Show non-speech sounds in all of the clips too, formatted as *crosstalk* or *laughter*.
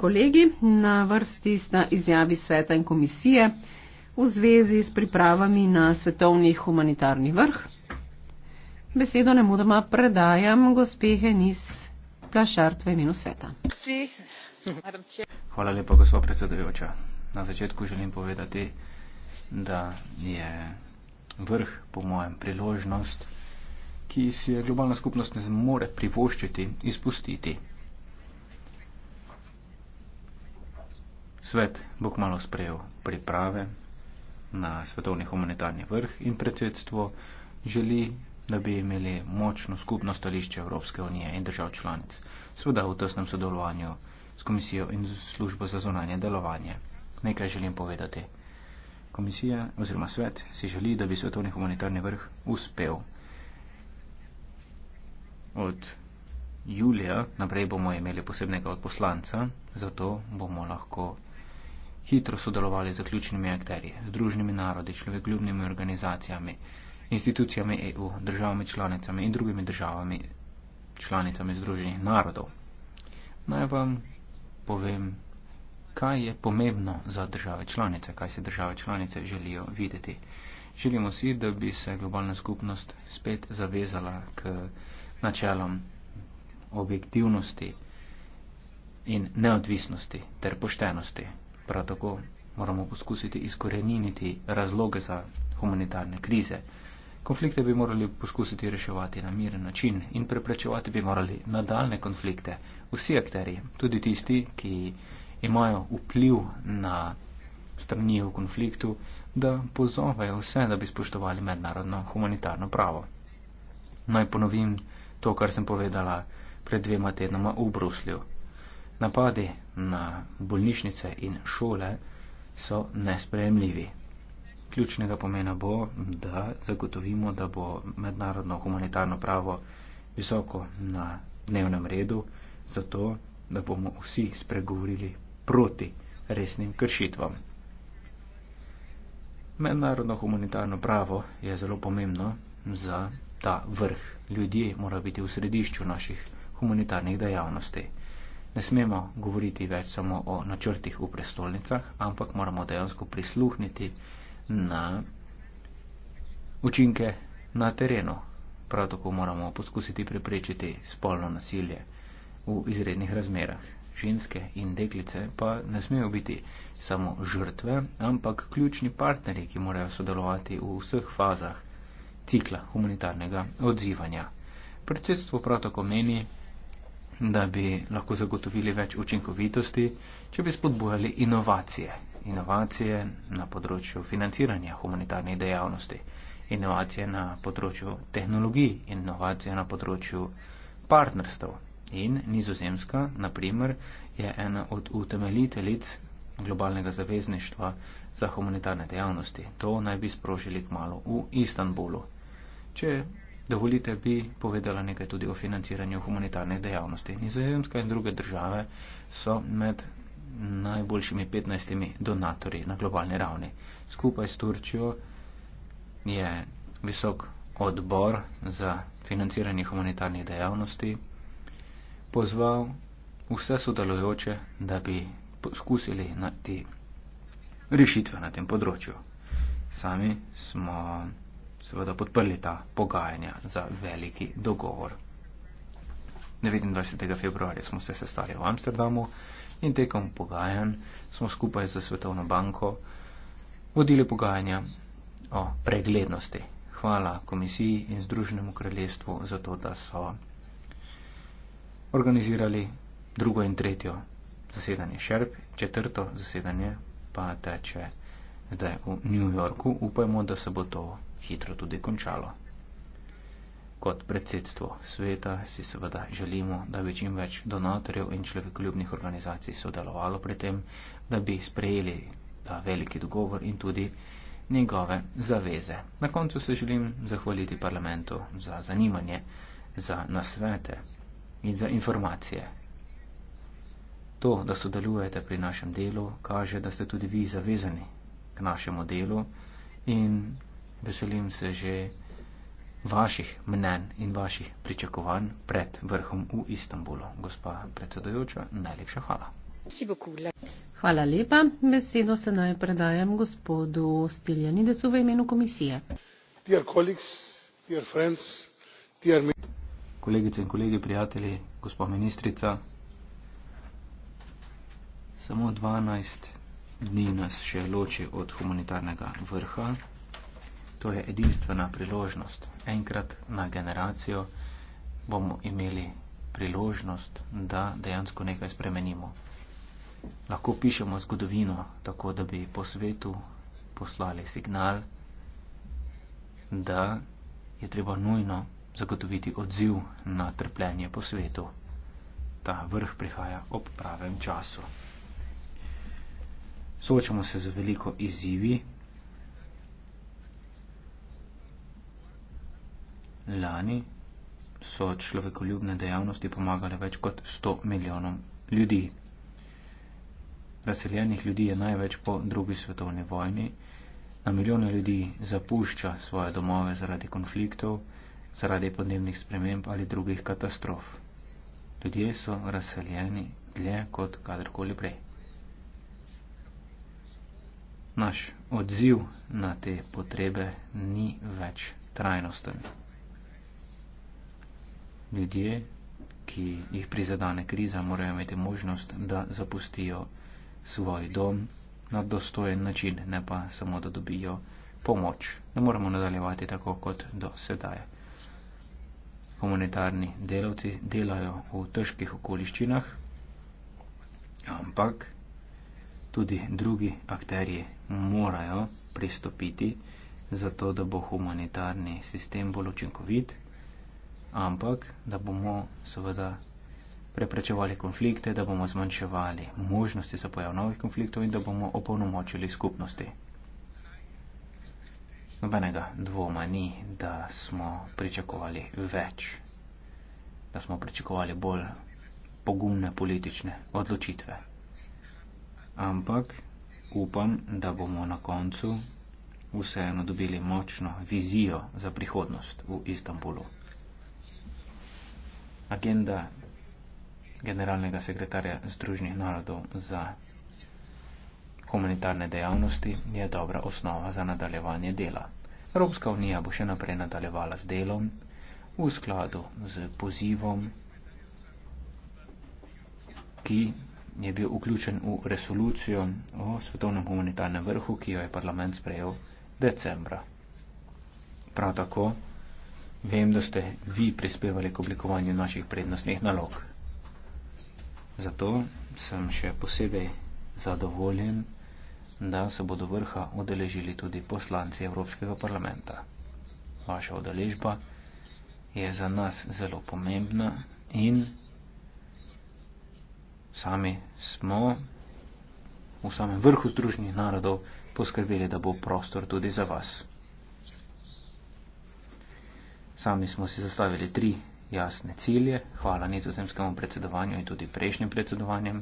kolegi, na vrsti sta izjavi sveta in komisije v zvezi s pripravami na svetovni humanitarni vrh. Besedo ne mudoma predajam gospehe Nis Plašart v imenu sveta. Hvala lepa, gospod predsedujoča. Na začetku želim povedati, da je vrh, po mojem, priložnost, ki si je globalna skupnost ne more privoščiti, izpustiti. Svet bo kmalo sprejel priprave na svetovni humanitarni vrh in predsedstvo želi, da bi imeli močno skupno stališče Evropske unije in držav članic, seveda v tesnem sodelovanju s komisijo in službo za zunanje delovanje. Nekaj želim povedati. Komisija oziroma svet si želi, da bi svetovni humanitarni vrh uspel. Od julija naprej bomo imeli posebnega odposlanca, zato bomo lahko hitro sodelovali z ključnimi akterji, združnimi narodi, človekoljubnimi organizacijami, institucijami EU, državami članicami in drugimi državami članicami združenih narodov. Naj vam povem, kaj je pomembno za države članice, kaj se države članice želijo videti. Želimo si, da bi se globalna skupnost spet zavezala k načelom objektivnosti in neodvisnosti ter poštenosti prav tako moramo poskusiti izkoreniniti razloge za humanitarne krize. Konflikte bi morali poskusiti reševati na miren način in preprečevati bi morali nadaljne konflikte. Vsi akteri, tudi tisti, ki imajo vpliv na strani v konfliktu, da pozovejo vse, da bi spoštovali mednarodno humanitarno pravo. Naj ponovim to, kar sem povedala pred dvema tednoma v Bruslju. Napadi na bolnišnice in šole so nespremljivi. Ključnega pomena bo, da zagotovimo, da bo mednarodno humanitarno pravo visoko na dnevnem redu, zato da bomo vsi spregovorili proti resnim kršitvam. Mednarodno humanitarno pravo je zelo pomembno za ta vrh. Ljudje morajo biti v središču naših humanitarnih dejavnosti ne smemo govoriti več samo o načrtih v prestolnicah, ampak moramo dejansko prisluhniti na učinke na terenu. Prav tako moramo poskusiti preprečiti spolno nasilje v izrednih razmerah. Ženske in deklice pa ne smejo biti samo žrtve, ampak ključni partnerji, ki morajo sodelovati v vseh fazah cikla humanitarnega odzivanja. Predsedstvo prav tako meni, da bi lahko zagotovili več učinkovitosti, če bi spodbujali inovacije. Inovacije na področju financiranja humanitarnih dejavnosti, inovacije na področju tehnologij, inovacije na področju partnerstv. In nizozemska, na primer, je ena od utemeljiteljic globalnega zavezništva za humanitarne dejavnosti. To naj bi sprožili kmalo v Istanbulu. Če dovolite, bi povedala nekaj tudi o financiranju humanitarnih dejavnosti. Nizozemska in druge države so med najboljšimi 15 donatorji na globalni ravni. Skupaj s Turčijo je visok odbor za financiranje humanitarnih dejavnosti pozval vse sodelujoče, da bi poskusili na te rešitve na tem področju. Sami smo seveda podprli ta pogajanja za veliki dogovor. 29. februarja smo se sestali v Amsterdamu in tekom pogajanj smo skupaj z Svetovno banko vodili pogajanja o preglednosti. Hvala komisiji in Združenemu kraljestvu za to, da so organizirali drugo in tretjo zasedanje Šerp, četrto zasedanje pa teče zdaj v New Yorku. Upajmo, da se bo to hitro tudi končalo. Kot predsedstvo sveta si seveda želimo, da bi čim več donatorjev in človekoljubnih organizacij sodelovalo pri tem, da bi sprejeli ta veliki dogovor in tudi njegove zaveze. Na koncu se želim zahvaliti parlamentu za zanimanje, za nasvete in za informacije. To, da sodelujete pri našem delu, kaže, da ste tudi vi zavezani k našemu delu in veselim se že vaših mnen in vaših pričakovanj pred vrhom v Istanbulu. Gospa predsedojoča, najlepša hvala. Hvala lepa. Besedo se naj predajem gospodu Stiljanidesu v imenu komisije. Dear colleagues, dear friends, dear... Kolegice in kolegi, prijatelji, gospa ministrica, samo 12 dni nas še loči od humanitarnega vrha. To je edinstvena priložnost. Enkrat na generacijo bomo imeli priložnost, da dejansko nekaj spremenimo. Lahko pišemo zgodovino tako, da bi po svetu poslali signal, da je treba nujno zagotoviti odziv na trpljenje po svetu. Ta vrh prihaja ob pravem času. Soočamo se z veliko izzivi, Lani so človekoljubne dejavnosti pomagale več kot 100 milijonom ljudi. Razseljenih ljudi je največ po drugi svetovni vojni. Na milijone ljudi zapušča svoje domove zaradi konfliktov, zaradi podnebnih sprememb ali drugih katastrof. Ljudje so razseljeni dlje kot kadarkoli prej. Naš odziv na te potrebe ni več trajnosten ljudje, ki jih prizadane kriza, morajo imeti možnost, da zapustijo svoj dom na dostojen način, ne pa samo, da dobijo pomoč. Ne moramo nadaljevati tako kot do sedaj. Humanitarni delavci delajo v težkih okoliščinah, ampak tudi drugi akterji morajo pristopiti, zato da bo humanitarni sistem bolj učinkovit ampak da bomo seveda preprečevali konflikte, da bomo zmanjševali možnosti za pojav novih konfliktov in da bomo opolnomočili skupnosti. Nobenega dvoma ni, da smo pričakovali več, da smo pričakovali bolj pogumne politične odločitve. Ampak upam, da bomo na koncu vseeno dobili močno vizijo za prihodnost v Istanbulu agenda generalnega sekretarja Združnih narodov za humanitarne dejavnosti je dobra osnova za nadaljevanje dela. Evropska unija bo še naprej nadaljevala z delom v skladu z pozivom, ki je bil vključen v resolucijo o svetovnem humanitarnem vrhu, ki jo je parlament sprejel decembra. Prav tako Vem, da ste vi prispevali k oblikovanju naših prednostnih nalog. Zato sem še posebej zadovoljen, da se bodo vrha odeležili tudi poslanci Evropskega parlamenta. Vaša odeležba je za nas zelo pomembna in sami smo v samem vrhu Združenih narodov poskrbeli, da bo prostor tudi za vas. Sami smo si zastavili tri jasne cilje, hvala nizozemskemu predsedovanju in tudi prejšnjim predsedovanjem,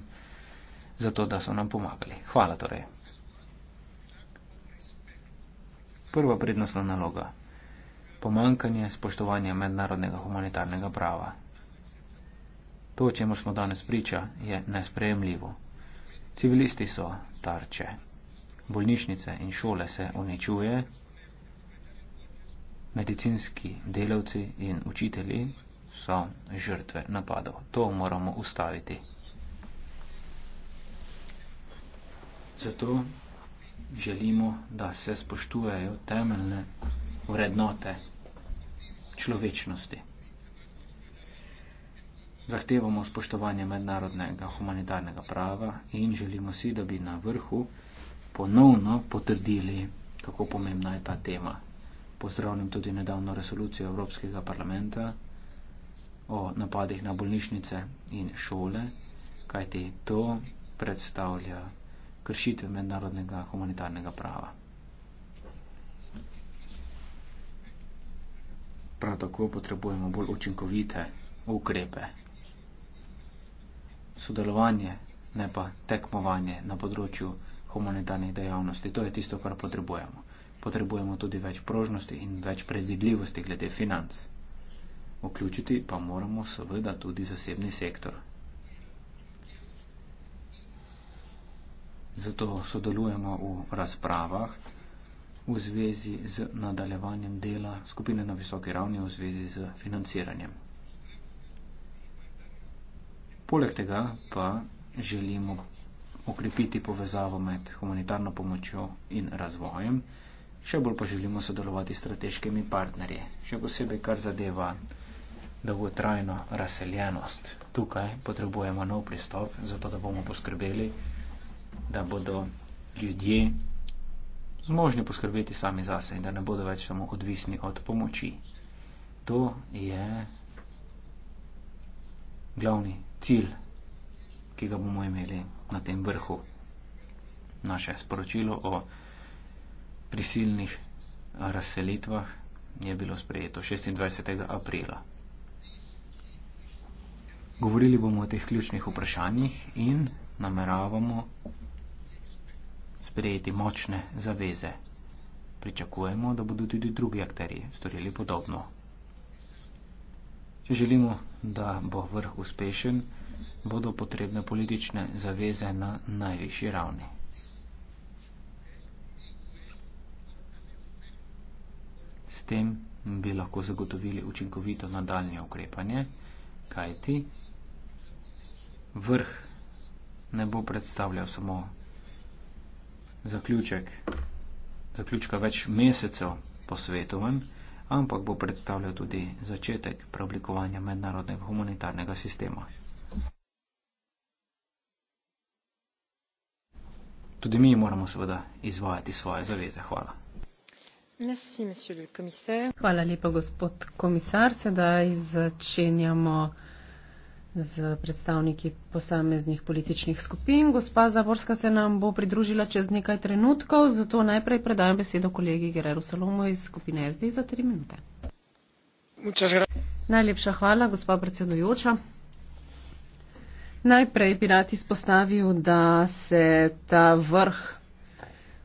za to, da so nam pomagali. Hvala torej. Prva prednostna naloga. Pomankanje spoštovanja mednarodnega humanitarnega prava. To, čemu smo danes priča, je nespremljivo. Civilisti so tarče. Bolnišnice in šole se uničuje, medicinski delavci in učitelji so žrtve napadov. To moramo ustaviti. Zato želimo, da se spoštujejo temeljne vrednote človečnosti. Zahtevamo spoštovanje mednarodnega humanitarnega prava in želimo si, da bi na vrhu ponovno potrdili, kako pomembna je ta tema pozdravljam tudi nedavno resolucijo Evropskega parlamenta o napadih na bolnišnice in šole, kajti to predstavlja kršitev mednarodnega humanitarnega prava. Prav tako potrebujemo bolj učinkovite ukrepe, sodelovanje, ne pa tekmovanje na področju humanitarnih dejavnosti. To je tisto, kar potrebujemo potrebujemo tudi več prožnosti in več predvidljivosti glede financ. Vključiti pa moramo seveda tudi zasebni sektor. Zato sodelujemo v razpravah v zvezi z nadaljevanjem dela skupine na visoki ravni v zvezi z financiranjem. Poleg tega pa želimo okrepiti povezavo med humanitarno pomočjo in razvojem še bolj pa želimo sodelovati s strateškimi partnerji, še posebej kar zadeva dolgotrajno razseljenost. Tukaj potrebujemo nov pristop, zato da bomo poskrbeli, da bodo ljudje zmožni poskrbeti sami zase in da ne bodo več samo odvisni od pomoči. To je glavni cilj, ki ga bomo imeli na tem vrhu. Naše sporočilo o prisilnih eh, razselitvah je bilo sprejeto 26. aprila. Govorili bomo o teh ključnih vprašanjih in nameravamo sprejeti močne zaveze. Pričakujemo, da bodo tudi drugi akteri storili podobno. Če želimo, da bo vrh uspešen, bodo potrebne politične zaveze na najvišji ravni. tem bi lahko zagotovili učinkovito nadaljne ukrepanje, kajti vrh ne bo predstavljal samo zaključek, zaključka več mesecev po svetovem, ampak bo predstavljal tudi začetek preoblikovanja mednarodnega humanitarnega sistema. Tudi mi moramo seveda izvajati svoje zaveze. Hvala. Hvala lepa, gospod komisar. Sedaj začenjamo z predstavniki posameznih političnih skupin. Gospa Zaborska se nam bo pridružila čez nekaj trenutkov, zato najprej predajam besedo kolegi Gereru Salomu iz skupine SD za tri minute. Najlepša hvala, gospa predsedujoča. Najprej bi rad izpostavil, da se ta vrh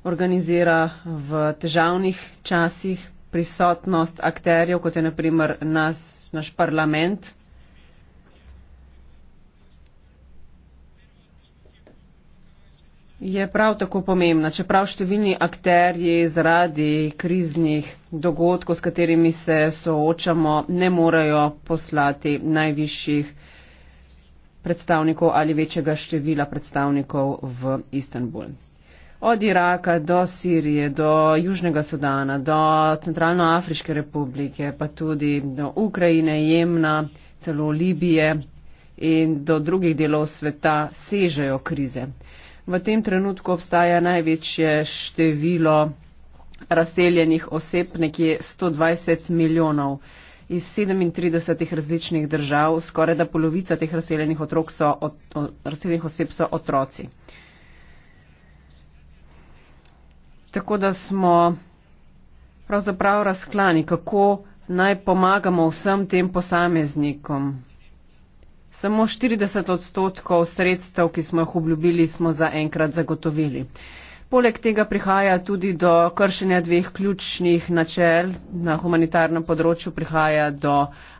organizira v težavnih časih prisotnost akterjev, kot je naprimer nas, naš parlament. je prav tako pomembna. Čeprav številni akterji zaradi kriznih dogodkov, s katerimi se soočamo, ne morejo poslati najvišjih predstavnikov ali večjega števila predstavnikov v Istanbulu od Iraka do Sirije, do Južnega Sudana, do Centralnoafriške republike, pa tudi do Ukrajine, Jemna, celo Libije in do drugih delov sveta sežejo krize. V tem trenutku obstaja največje število razseljenih oseb, nekje 120 milijonov. Iz 37 različnih držav skoraj da polovica teh razseljenih, otrok so, razseljenih oseb so otroci. tako da smo pravzaprav razklani, kako naj pomagamo vsem tem posameznikom. Samo 40 odstotkov sredstev, ki smo jih obljubili, smo zaenkrat zagotovili. Poleg tega prihaja tudi do kršenja dveh ključnih načel. Na humanitarnem področju prihaja do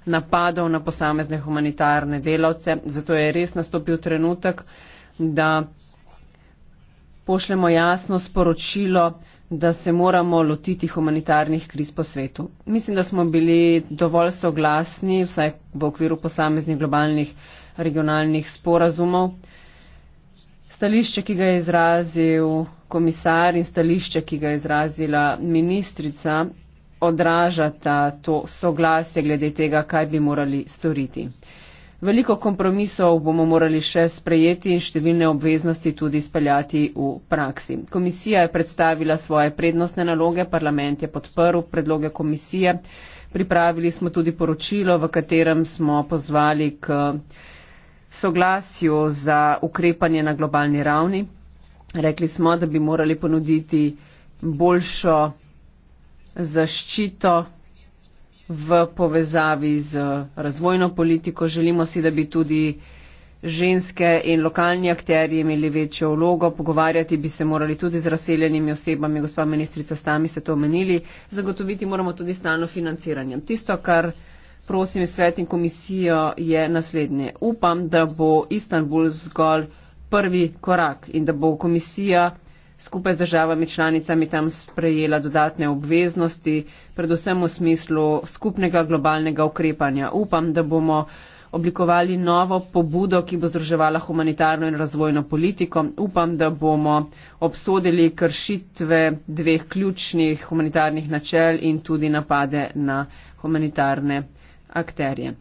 napadov na posamezne humanitarne delavce. Zato je res nastopil trenutek, da pošljemo jasno sporočilo, da se moramo lotiti humanitarnih kriz po svetu. Mislim, da smo bili dovolj soglasni, vsaj v okviru posameznih globalnih regionalnih sporazumov. Stališče, ki ga je izrazil komisar in stališče, ki ga je izrazila ministrica, odražata to soglasje glede tega, kaj bi morali storiti. Veliko kompromisov bomo morali še sprejeti in številne obveznosti tudi speljati v praksi. Komisija je predstavila svoje prednostne naloge, parlament je podprl predloge komisije. Pripravili smo tudi poročilo, v katerem smo pozvali k soglasju za ukrepanje na globalni ravni. Rekli smo, da bi morali ponuditi boljšo zaščito v povezavi z razvojno politiko. Želimo si, da bi tudi ženske in lokalni akterji imeli večjo vlogo, pogovarjati bi se morali tudi z razseljenimi osebami, gospa ministrica, sami ste to omenili, zagotoviti moramo tudi stalno financiranje. Tisto, kar prosim svet in komisijo, je naslednje. Upam, da bo Istanbul zgolj prvi korak in da bo komisija skupaj z državami članicami tam sprejela dodatne obveznosti, predvsem v smislu skupnega globalnega ukrepanja. Upam, da bomo oblikovali novo pobudo, ki bo združevala humanitarno in razvojno politiko. Upam, da bomo obsodili kršitve dveh ključnih humanitarnih načel in tudi napade na humanitarne akterje.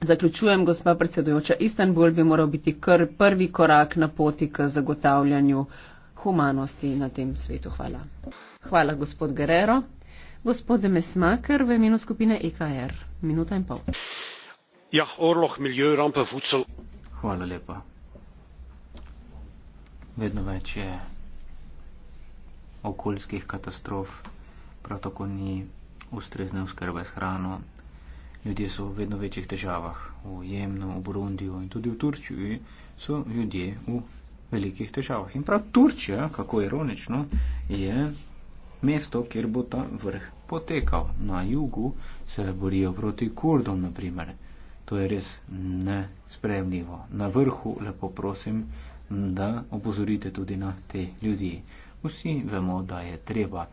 Zaključujem, gospa predsedujoča, Istanbul bi moral biti kar prvi korak na poti k zagotavljanju humanosti na tem svetu. Hvala. Hvala, gospod Guerrero. Gospod Mesmaker v imenu skupine EKR. Minuta in pol. Ja, orloh, milijon rampe, vucel. Hvala lepa. Vedno več je okoljskih katastrof, prav tako ni ustrezne oskrbe s hrano. Ljudje so v vedno večjih težavah. V Jemnu, v Burundiju in tudi v Turčiji so ljudje v velikih težavah. In prav Turčija, kako ironično, je mesto, kjer bo ta vrh potekal. Na jugu se borijo proti Kurdom, naprimer. To je res nespremljivo. Na vrhu lepo prosim, da opozorite tudi na te ljudi. Vsi vemo, da je treba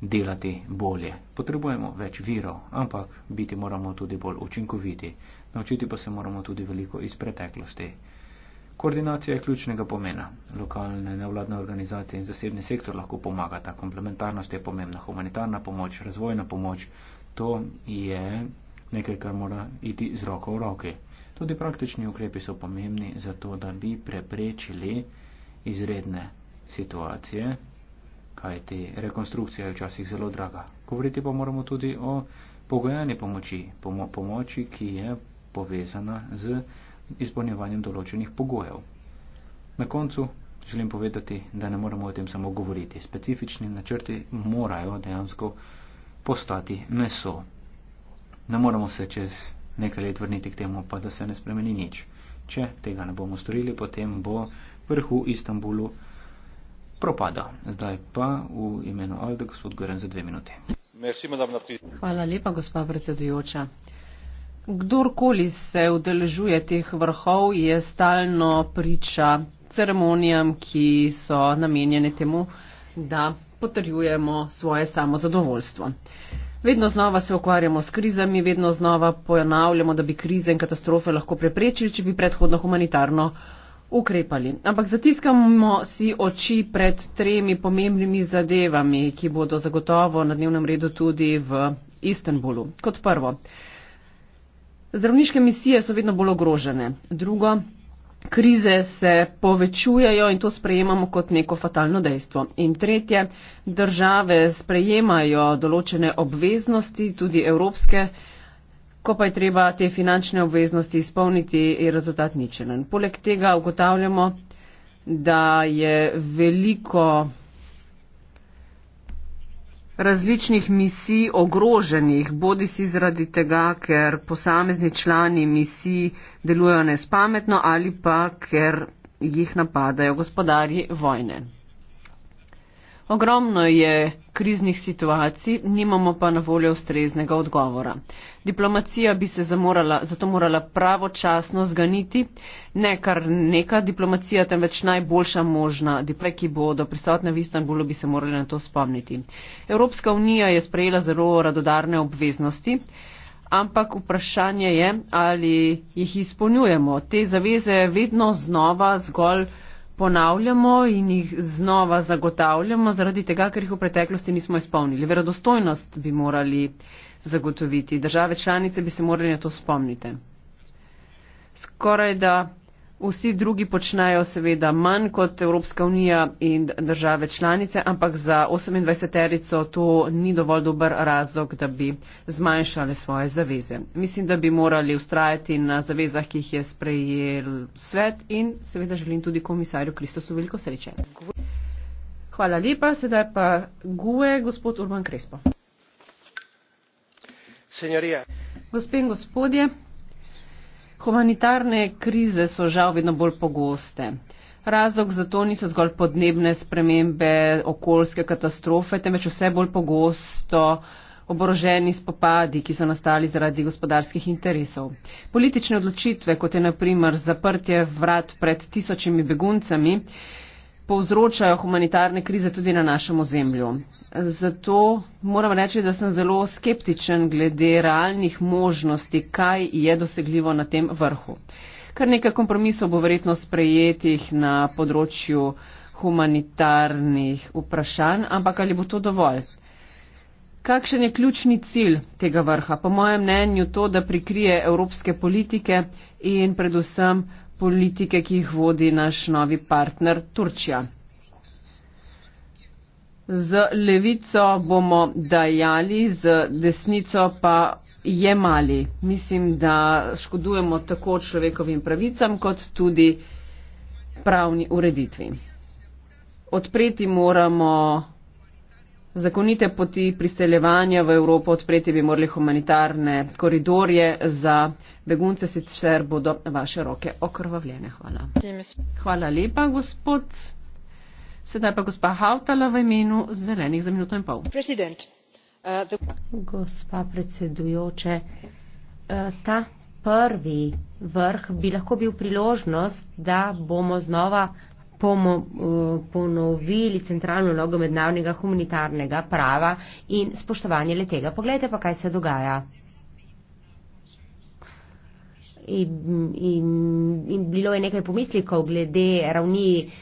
delati bolje. Potrebujemo več virov, ampak biti moramo tudi bolj učinkoviti. Naučiti pa se moramo tudi veliko iz preteklosti. Koordinacija je ključnega pomena. Lokalne nevladne organizacije in zasebni sektor lahko pomagata. Komplementarnost je pomembna. Humanitarna pomoč, razvojna pomoč, to je nekaj, kar mora iti z roko v roki. Tudi praktični ukrepi so pomembni za to, da bi preprečili izredne situacije, kajti rekonstrukcija je včasih zelo draga. Govoriti pa moramo tudi o pogojeni pomoči, pomo pomoči, ki je povezana z izpolnjevanjem določenih pogojev. Na koncu želim povedati, da ne moramo o tem samo govoriti. Specifični načrti morajo dejansko postati meso. Ne moramo se čez nekaj let vrniti k temu, pa da se ne spremeni nič. Če tega ne bomo storili, potem bo vrhu Istanbulu propada. Zdaj pa v imenu Alde, gospod Goren, za dve minuti. Hvala lepa, gospa predsedujoča. Kdorkoli se udeležuje teh vrhov, je stalno priča ceremonijam, ki so namenjene temu, da potrjujemo svoje samozadovoljstvo. Vedno znova se ukvarjamo s krizami, vedno znova pojanavljamo, da bi krize in katastrofe lahko preprečili, če bi predhodno humanitarno ukrepali. Ampak zatiskamo si oči pred tremi pomembnimi zadevami, ki bodo zagotovo na dnevnem redu tudi v Istanbulu. Kot prvo. Zdravniške misije so vedno bolj ogrožene. Drugo, krize se povečujejo in to sprejemamo kot neko fatalno dejstvo. In tretje, države sprejemajo določene obveznosti, tudi evropske, ko pa je treba te finančne obveznosti izpolniti, je rezultat ničelen. Poleg tega ugotavljamo, da je veliko različnih misij ogroženih, bodi si zaradi tega, ker posamezni člani misij delujejo nespametno ali pa ker jih napadajo gospodarji vojne. Ogromno je kriznih situacij, nimamo pa na voljo ustreznega odgovora. Diplomacija bi se zamorala, zato morala pravočasno zganiti, ne kar neka diplomacija, temveč najboljša možna. Diple, ki bodo prisotne v Istanbulu, bi se morali na to spomniti. Evropska unija je sprejela zelo radodarne obveznosti, ampak vprašanje je, ali jih izpolnjujemo. Te zaveze vedno znova zgolj ponavljamo in jih znova zagotavljamo, zaradi tega, ker jih v preteklosti nismo izpolnili. Verodostojnost bi morali zagotoviti. Države članice bi se morali na to spomniti. Skoraj da vsi drugi počnejo seveda manj kot Evropska unija in države članice, ampak za 28-terico to ni dovolj dober razlog, da bi zmanjšale svoje zaveze. Mislim, da bi morali ustrajati na zavezah, ki jih je sprejel svet in seveda želim tudi komisarju Kristosu veliko sreče. Hvala lepa, sedaj pa guje gospod Urban Krespo. Senjorija. Gospe in gospodje. Humanitarne krize so žal vedno bolj pogoste. Razlog za to niso zgolj podnebne spremembe, okoljske katastrofe, temveč vse bolj pogosto oboroženi spopadi, ki so nastali zaradi gospodarskih interesov. Politične odločitve, kot je naprimer zaprtje vrat pred tisočimi beguncami, povzročajo humanitarne krize tudi na našem ozemlju. Zato moram reči, da sem zelo skeptičen glede realnih možnosti, kaj je dosegljivo na tem vrhu. Kar nekaj kompromisov bo verjetno sprejetih na področju humanitarnih vprašanj, ampak ali bo to dovolj? Kakšen je ključni cilj tega vrha? Po mojem mnenju to, da prikrije evropske politike in predvsem politike, ki jih vodi naš novi partner Turčija. Z levico bomo dajali, z desnico pa jemali. Mislim, da škodujemo tako človekovim pravicam, kot tudi pravni ureditvi. Odpreti moramo zakonite poti priseljevanja v Evropo odpreti, bi morali humanitarne koridorje za begunce, sicer bodo vaše roke okrvavljene. Hvala. Hvala lepa, gospod. Sedaj pa gospa Hautala v imenu zelenih za minuto in pol. President. Eh, gospa predsedujoče, eh, ta prvi vrh bi lahko bil priložnost, da bomo znova bomo eh, ponovili centralno vlogo mednarodnega humanitarnega prava in spoštovanje le tega. Poglejte pa, kaj se dogaja. In, in, in bilo je nekaj pomislikov glede ravni uh,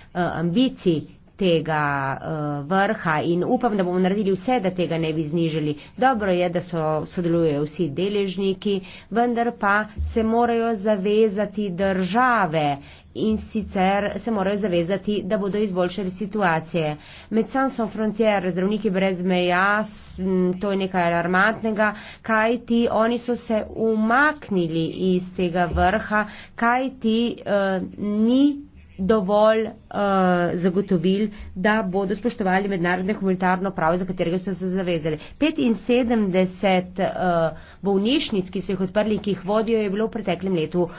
ambicij uh, tega uh, vrha in upam, da bomo naredili vse, da tega ne bi znižali. Dobro je, da so sodelujejo vsi deležniki, vendar pa se morajo zavezati države in sicer se morajo zavezati, da bodo izboljšali situacije. Med Sansom Frontier, zdravniki brez meja, to je nekaj alarmantnega, kaj ti, oni so se umaknili iz tega vrha, kaj ti uh, eh, ni dovolj uh, zagotovil, da bodo spoštovali mednarodne humanitarno pravo, za katerega so se zavezali. 75 uh, eh, bolnišnic, ki so jih odprli, ki jih vodijo, je bilo v preteklem letu uh,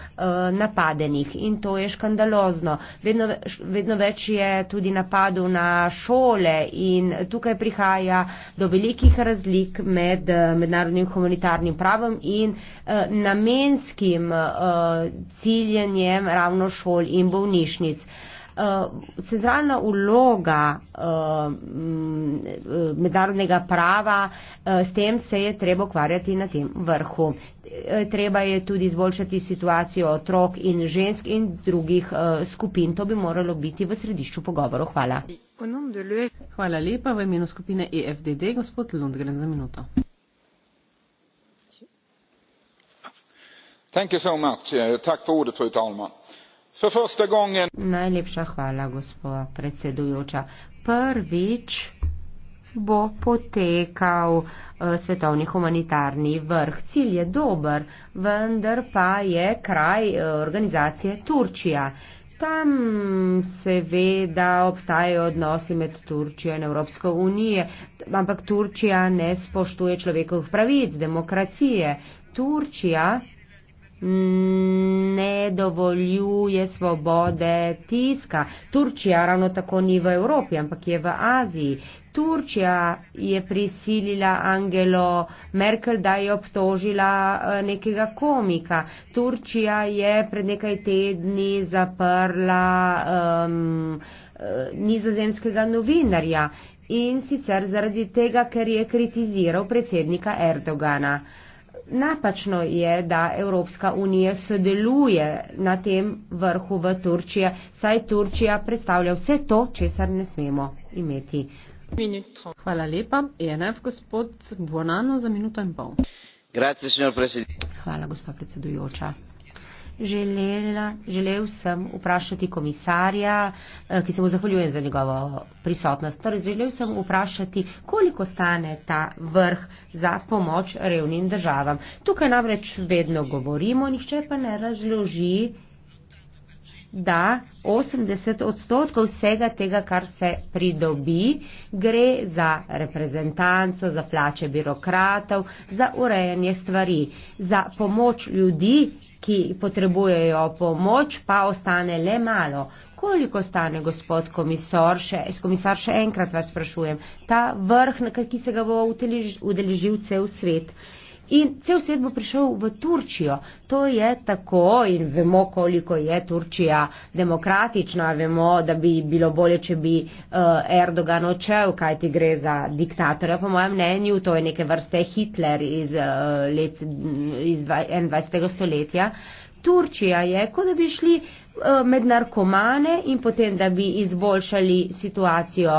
napadenih in to je škandalozno. Vedno, vedno več je tudi napadov na šole in tukaj prihaja do velikih razlik med uh, mednarodnim humanitarnim pravom in uh, namenskim uh, ciljenjem ravno šol in bolnišnic resnic. Uh, eh, centralna vloga uh, eh, eh, mednarodnega prava, uh, s tem se je treba ukvarjati na tem vrhu. Treba je tudi izboljšati situacijo otrok in žensk in drugih uh, skupin. To bi moralo biti v središču pogovoru. Hvala. Hvala lepa v imenu skupine EFDD, gospod Lundgren, za minuto. Thank you so much. Uh, tak for ordet, fru Talman. Najlepša hvala, gospoda predsedujoča. Prvič bo potekal uh, svetovni humanitarni vrh. Cilj je dober, vendar pa je kraj uh, organizacije Turčija. Tam seveda obstajajo odnosi med Turčijo in Evropsko unijo, ampak Turčija ne spoštuje človekovih pravic, demokracije. Turčija ne dovoljuje svobode tiska. Turčija ravno tako ni v Evropi, ampak je v Aziji. Turčija je prisilila Angelo Merkel, da je obtožila eh, nekega komika. Turčija je pred nekaj tedni zaprla um, nizozemskega novinarja in sicer zaradi tega, ker je kritiziral predsednika Erdogana. Napačno je, da Evropska unija sodeluje na tem vrhu v Turčiji, saj Turčija predstavlja vse to, česar ne smemo imeti. Minuto. Hvala lepa. ENF gospod Buonano za minuto in pol. Grazie, Hvala, gospa predsedujoča želela, želel sem vprašati komisarja, eh, ki se mu zahvaljujem za njegovo prisotnost. Torej, želel sem vprašati, koliko stane ta vrh za pomoč revnim državam. Tukaj namreč vedno govorimo, nihče pa ne razloži, da 80 odstotkov vsega tega, kar se pridobi, gre za reprezentanco, za plače birokratov, za urejanje stvari, za pomoč ljudi, ki potrebujejo pomoč, pa ostane le malo. Koliko stane gospod komisar še, komisar, še enkrat vas sprašujem, ta vrh, na kateri se ga bo udeležil cel svet? In cel svet bo prišel v Turčijo. To je tako in vemo, koliko je Turčija demokratična, vemo, da bi bilo bolje, če bi uh, Erdogan očel, kaj ti gre za diktatorja. Po mojem mnenju, to je neke vrste Hitler iz, uh, let, iz 21. stoletja. Turčija je, kot da bi šli eh, med narkomane in potem, da bi izboljšali situacijo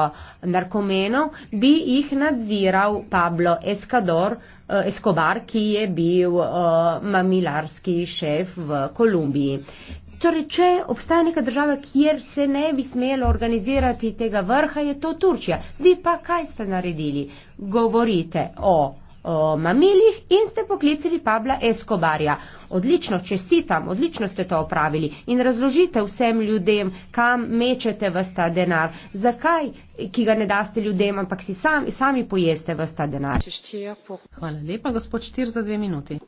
narkomenov, bi jih nadziral Pablo Escador, Eh, Escobar, ki je bil eh, mamilarski šef v Kolumbiji. Torej, če obstaja neka država, kjer se ne bi smelo organizirati tega vrha, je to Turčija. Vi pa kaj ste naredili? Govorite o o mamilih in ste poklicali Pabla Escobarja. Odlično, čestitam, odlično ste to opravili in razložite vsem ljudem, kam mečete v ta denar, zakaj, ki ga ne daste ljudem, ampak si sami, sami pojeste v ta denar. Hvala lepa, gospod Štir, za dve minuti.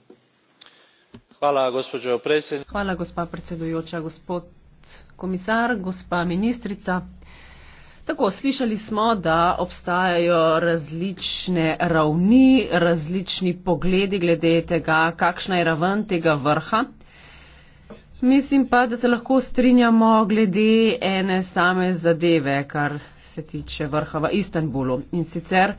Hvala, gospođo predsednica. Hvala, gospa predsedujoča, gospod komisar, gospa ministrica. Tako, slišali smo, da obstajajo različne ravni, različni pogledi glede tega, kakšna je raven tega vrha. Mislim pa, da se lahko strinjamo glede ene same zadeve, kar se tiče vrha v Istanbulu. In sicer,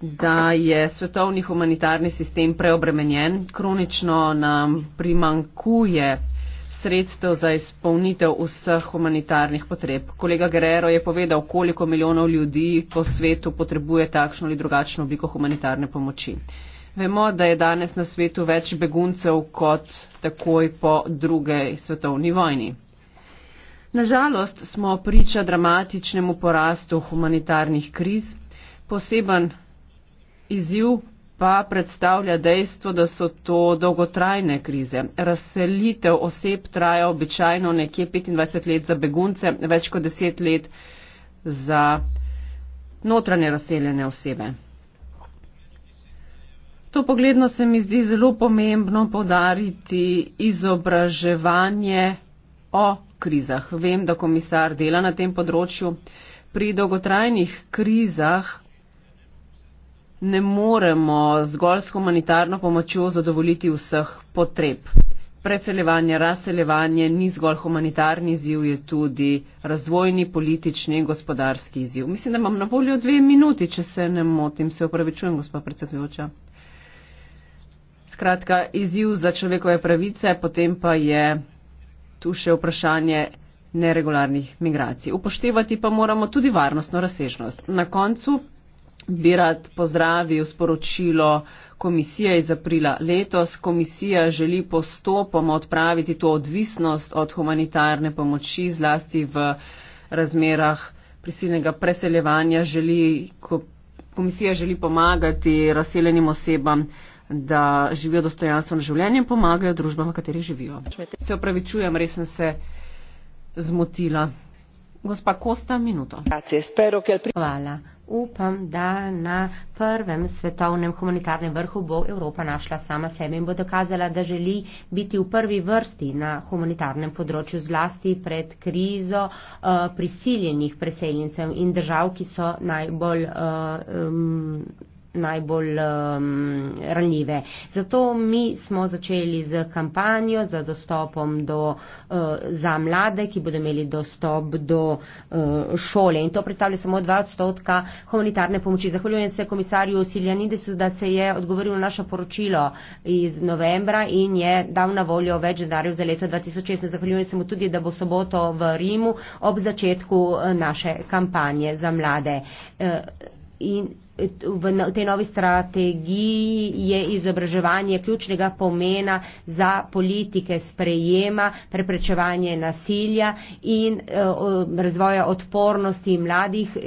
da je svetovni humanitarni sistem preobremenjen, kronično nam primankuje sredstev za izpolnitev vseh humanitarnih potreb. Kolega Guerrero je povedal, koliko milijonov ljudi po svetu potrebuje takšno ali drugačno obliko humanitarne pomoči. Vemo, da je danes na svetu več beguncev kot takoj po druge svetovni vojni. Nažalost smo priča dramatičnemu porastu humanitarnih kriz. Poseben izziv pa predstavlja dejstvo, da so to dolgotrajne krize. Razselitev oseb traja običajno nekje 25 let za begunce, več kot 10 let za notranje razseljene osebe. To pogledno se mi zdi zelo pomembno podariti izobraževanje o krizah. Vem, da komisar dela na tem področju. Pri dolgotrajnih krizah ne moremo zgolj s humanitarno pomočjo zadovoljiti vseh potreb. Preseljevanje, razseljevanje ni zgolj humanitarni izziv, je tudi razvojni, politični in gospodarski izziv. Mislim, da imam na voljo dve minuti, če se ne motim, se opravičujem, gospod predsedujoča. Skratka, izziv za človekove pravice, potem pa je tu še vprašanje neregularnih migracij. Upoštevati pa moramo tudi varnostno razsežnost. Na koncu bi rad pozdravil sporočilo komisije iz aprila letos. Komisija želi postopoma odpraviti to odvisnost od humanitarne pomoči, zlasti v razmerah prisilnega preseljevanja. Želi, komisija želi pomagati razseljenim osebam da živijo dostojanstveno življenje in pomagajo družbam, v kateri živijo. Se opravičujem, res sem se zmotila upam da na prvem svetovnem humanitarnem vrhu bo Evropa našla sama sebe in bo dokazala, da želi biti v prvi vrsti na humanitarnem področju zlasti pred krizo uh, prisiljenih preseljencev in držav, ki so najbolj. Uh, um, najbolj um, ranljive. Zato mi smo začeli z kampanjo za dostopom do, uh, za mlade, ki bodo imeli dostop do uh, šole. In to predstavlja samo dva odstotka humanitarne pomoči. Zahvaljujem se komisarju Siljanidesu, da se je odgovoril na naše poročilo iz novembra in je dal na voljo več darjev za leto 2016. Zahvaljujem se mu tudi, da bo soboto v Rimu ob začetku uh, naše kampanje za mlade. Uh, in v no-, tej novi strategiji je izobraževanje ključnega pomena za politike sprejema, preprečevanje nasilja in eh, razvoja odpornosti mladih eh,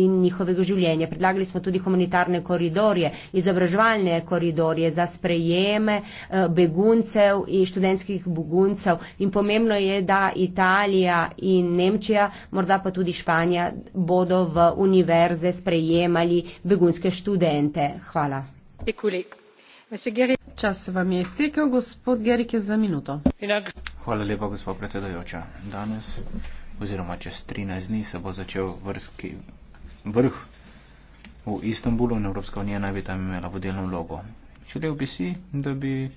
in njihovega življenja. Predlagali smo tudi humanitarne koridorje, izobraževalne koridorje za sprejeme eh, beguncev in študentskih beguncev in pomembno je, da Italija in Nemčija, morda pa tudi Španija, bodo v univerze sprejemali begunske študente. Hvala. Čas vam je iztekel, gospod Gerik, za minuto. Hvala lepa, gospod predsedojoča. Danes oziroma čez 13 dni se bo začel vrski vrh v Istanbulu in Evropska unija naj bi tam imela vodilno vlogo. Želel bi si, da bi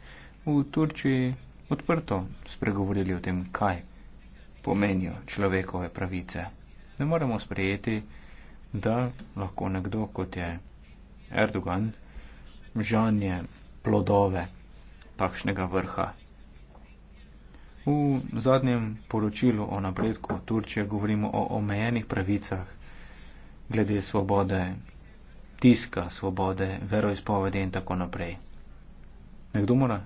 v Turčiji odprto spregovorili o tem, kaj pomenijo človekove pravice. Ne moremo sprejeti, da lahko nekdo, kot je Erdogan, žanje plodove takšnega vrha. V zadnjem poročilu o napredku Turčije govorimo o omejenih pravicah glede svobode tiska, svobode veroizpovedi in tako naprej. Nekdo mora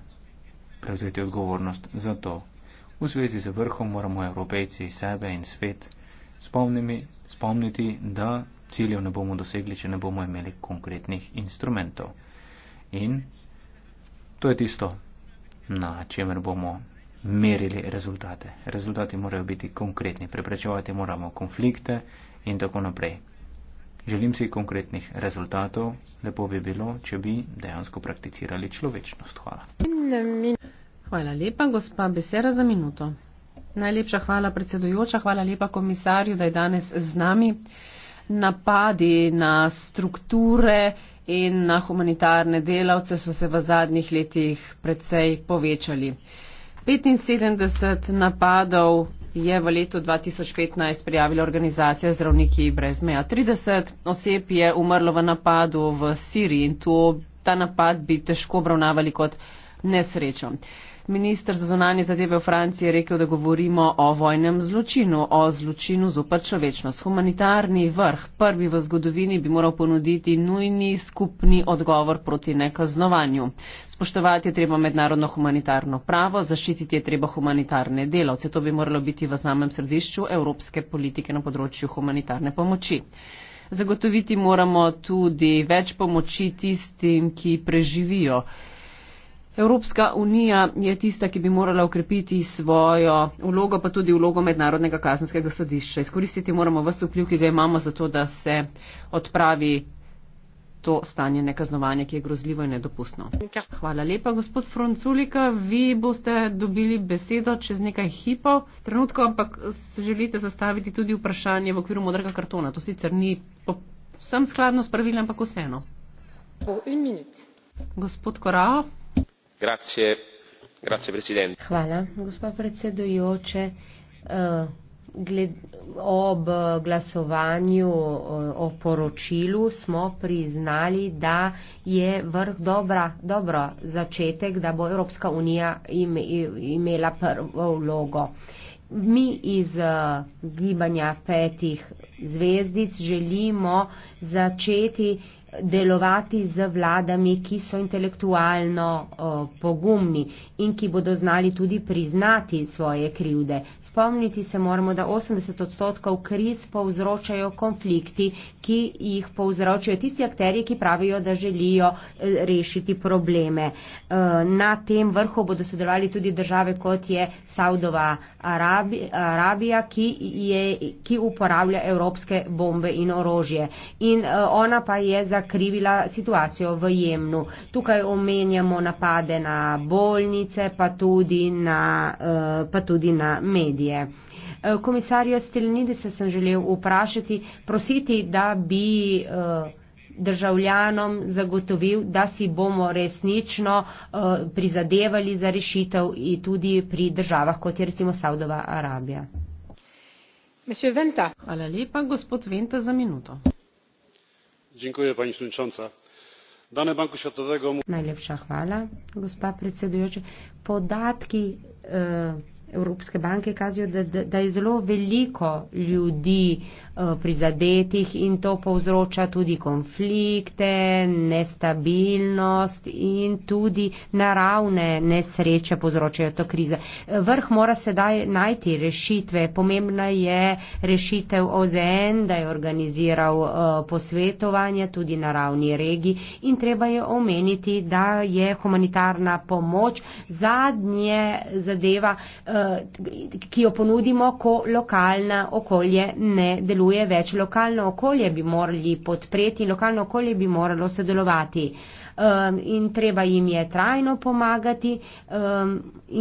prevzeti odgovornost za to. V zvezi z vrhom moramo evropejci sebe in svet spomniti, spomniti da ciljev ne bomo dosegli, če ne bomo imeli konkretnih instrumentov. In to je tisto, na čemer bomo merili rezultate. Rezultati morajo biti konkretni, preprečevati moramo konflikte in tako naprej. Želim si konkretnih rezultatov, lepo bi bilo, če bi dejansko prakticirali človečnost. Hvala. Hvala lepa, gospa Besera, za minuto. Najlepša hvala predsedujoča, hvala lepa komisarju, da je danes z nami napadi na strukture in na humanitarne delavce so se v zadnjih letih precej povečali. 75 napadov je v letu 2015 prijavila organizacija Zdravniki brez meja. 30 oseb je umrlo v napadu v Siriji in to, ta napad bi težko obravnavali kot nesrečo. Ministr za zunanje zadeve v Franciji je rekel, da govorimo o vojnem zločinu, o zločinu zoper človečnost. Humanitarni vrh, prvi v zgodovini, bi moral ponuditi nujni skupni odgovor proti nekaznovanju. Spoštovati je treba mednarodno humanitarno pravo, zaščititi je treba humanitarne delavce. To bi moralo biti v samem središču evropske politike na področju humanitarne pomoči. Zagotoviti moramo tudi več pomoči tistim, ki preživijo. Evropska unija je tista, ki bi morala ukrepiti svojo vlogo, pa tudi vlogo mednarodnega kazenskega sodišča. Izkoristiti moramo vse vpliv, ki ga imamo, zato da se odpravi to stanje nekaznovanja, ki je grozljivo in nedopustno. Hvala lepa, gospod Fronculika. Vi boste dobili besedo čez nekaj hipov, trenutko, ampak se želite zastaviti tudi vprašanje v okviru modrega kartona. To sicer ni povsem skladno s pravili, ampak vseeno. Gospod Korao gospa predsedujoča eh, ob glasovanju eh, o poročilu smo priznali da je vrh dobra dobro začetek da bo evropska unija imela prvo vlogo mi iz eh, gibanja petih zvezdic želimo začeti delovati z vladami, ki so intelektualno o, pogumni in ki bodo znali tudi priznati svoje krivde. Spomniti se moramo, da 80 odstotkov kriz povzročajo konflikti, ki jih povzročajo tisti akteri, ki pravijo, da želijo e, rešiti probleme. E, na tem vrhu bodo sodelovali tudi države, kot je Saudova Arabi, Arabija, ki, je, ki uporablja evropske bombe in orožje. In, e, ona pa je za krivila situacijo v Jemnu. Tukaj omenjamo napade na bolnice, pa tudi na, eh, pa tudi na medije. Eh, Komisarjo Stilnidi se sem želel vprašati, prositi, da bi eh, državljanom zagotovil, da si bomo resnično prizadevali za rešitev in tudi pri državah, kot je recimo Saudova Arabija. Hvala lepa, gospod Venta, za minuto pani przewodnicząca! dane banku światowego. najlepsza chwała gospa predsedujoči podatki Eh, evropske banke kažejo, da, da, da je zelo veliko ljudi uh, prizadetih in to povzroča tudi konflikte, nestabilnost in tudi naravne nesreče povzročajo to krize. Eh, vrh mora sedaj najti rešitve. Pomembna je rešitev OZN, da je organiziral uh, posvetovanje tudi na ravni regij in treba je omeniti, da je humanitarna pomoč zadnje zadnje zadeva, eh, ki jo ponudimo, ko lokalna okolje ne deluje več. Lokalno okolje bi morali podpreti, lokalno okolje bi moralo sodelovati. Ehm, in treba jim je trajno pomagati ehm,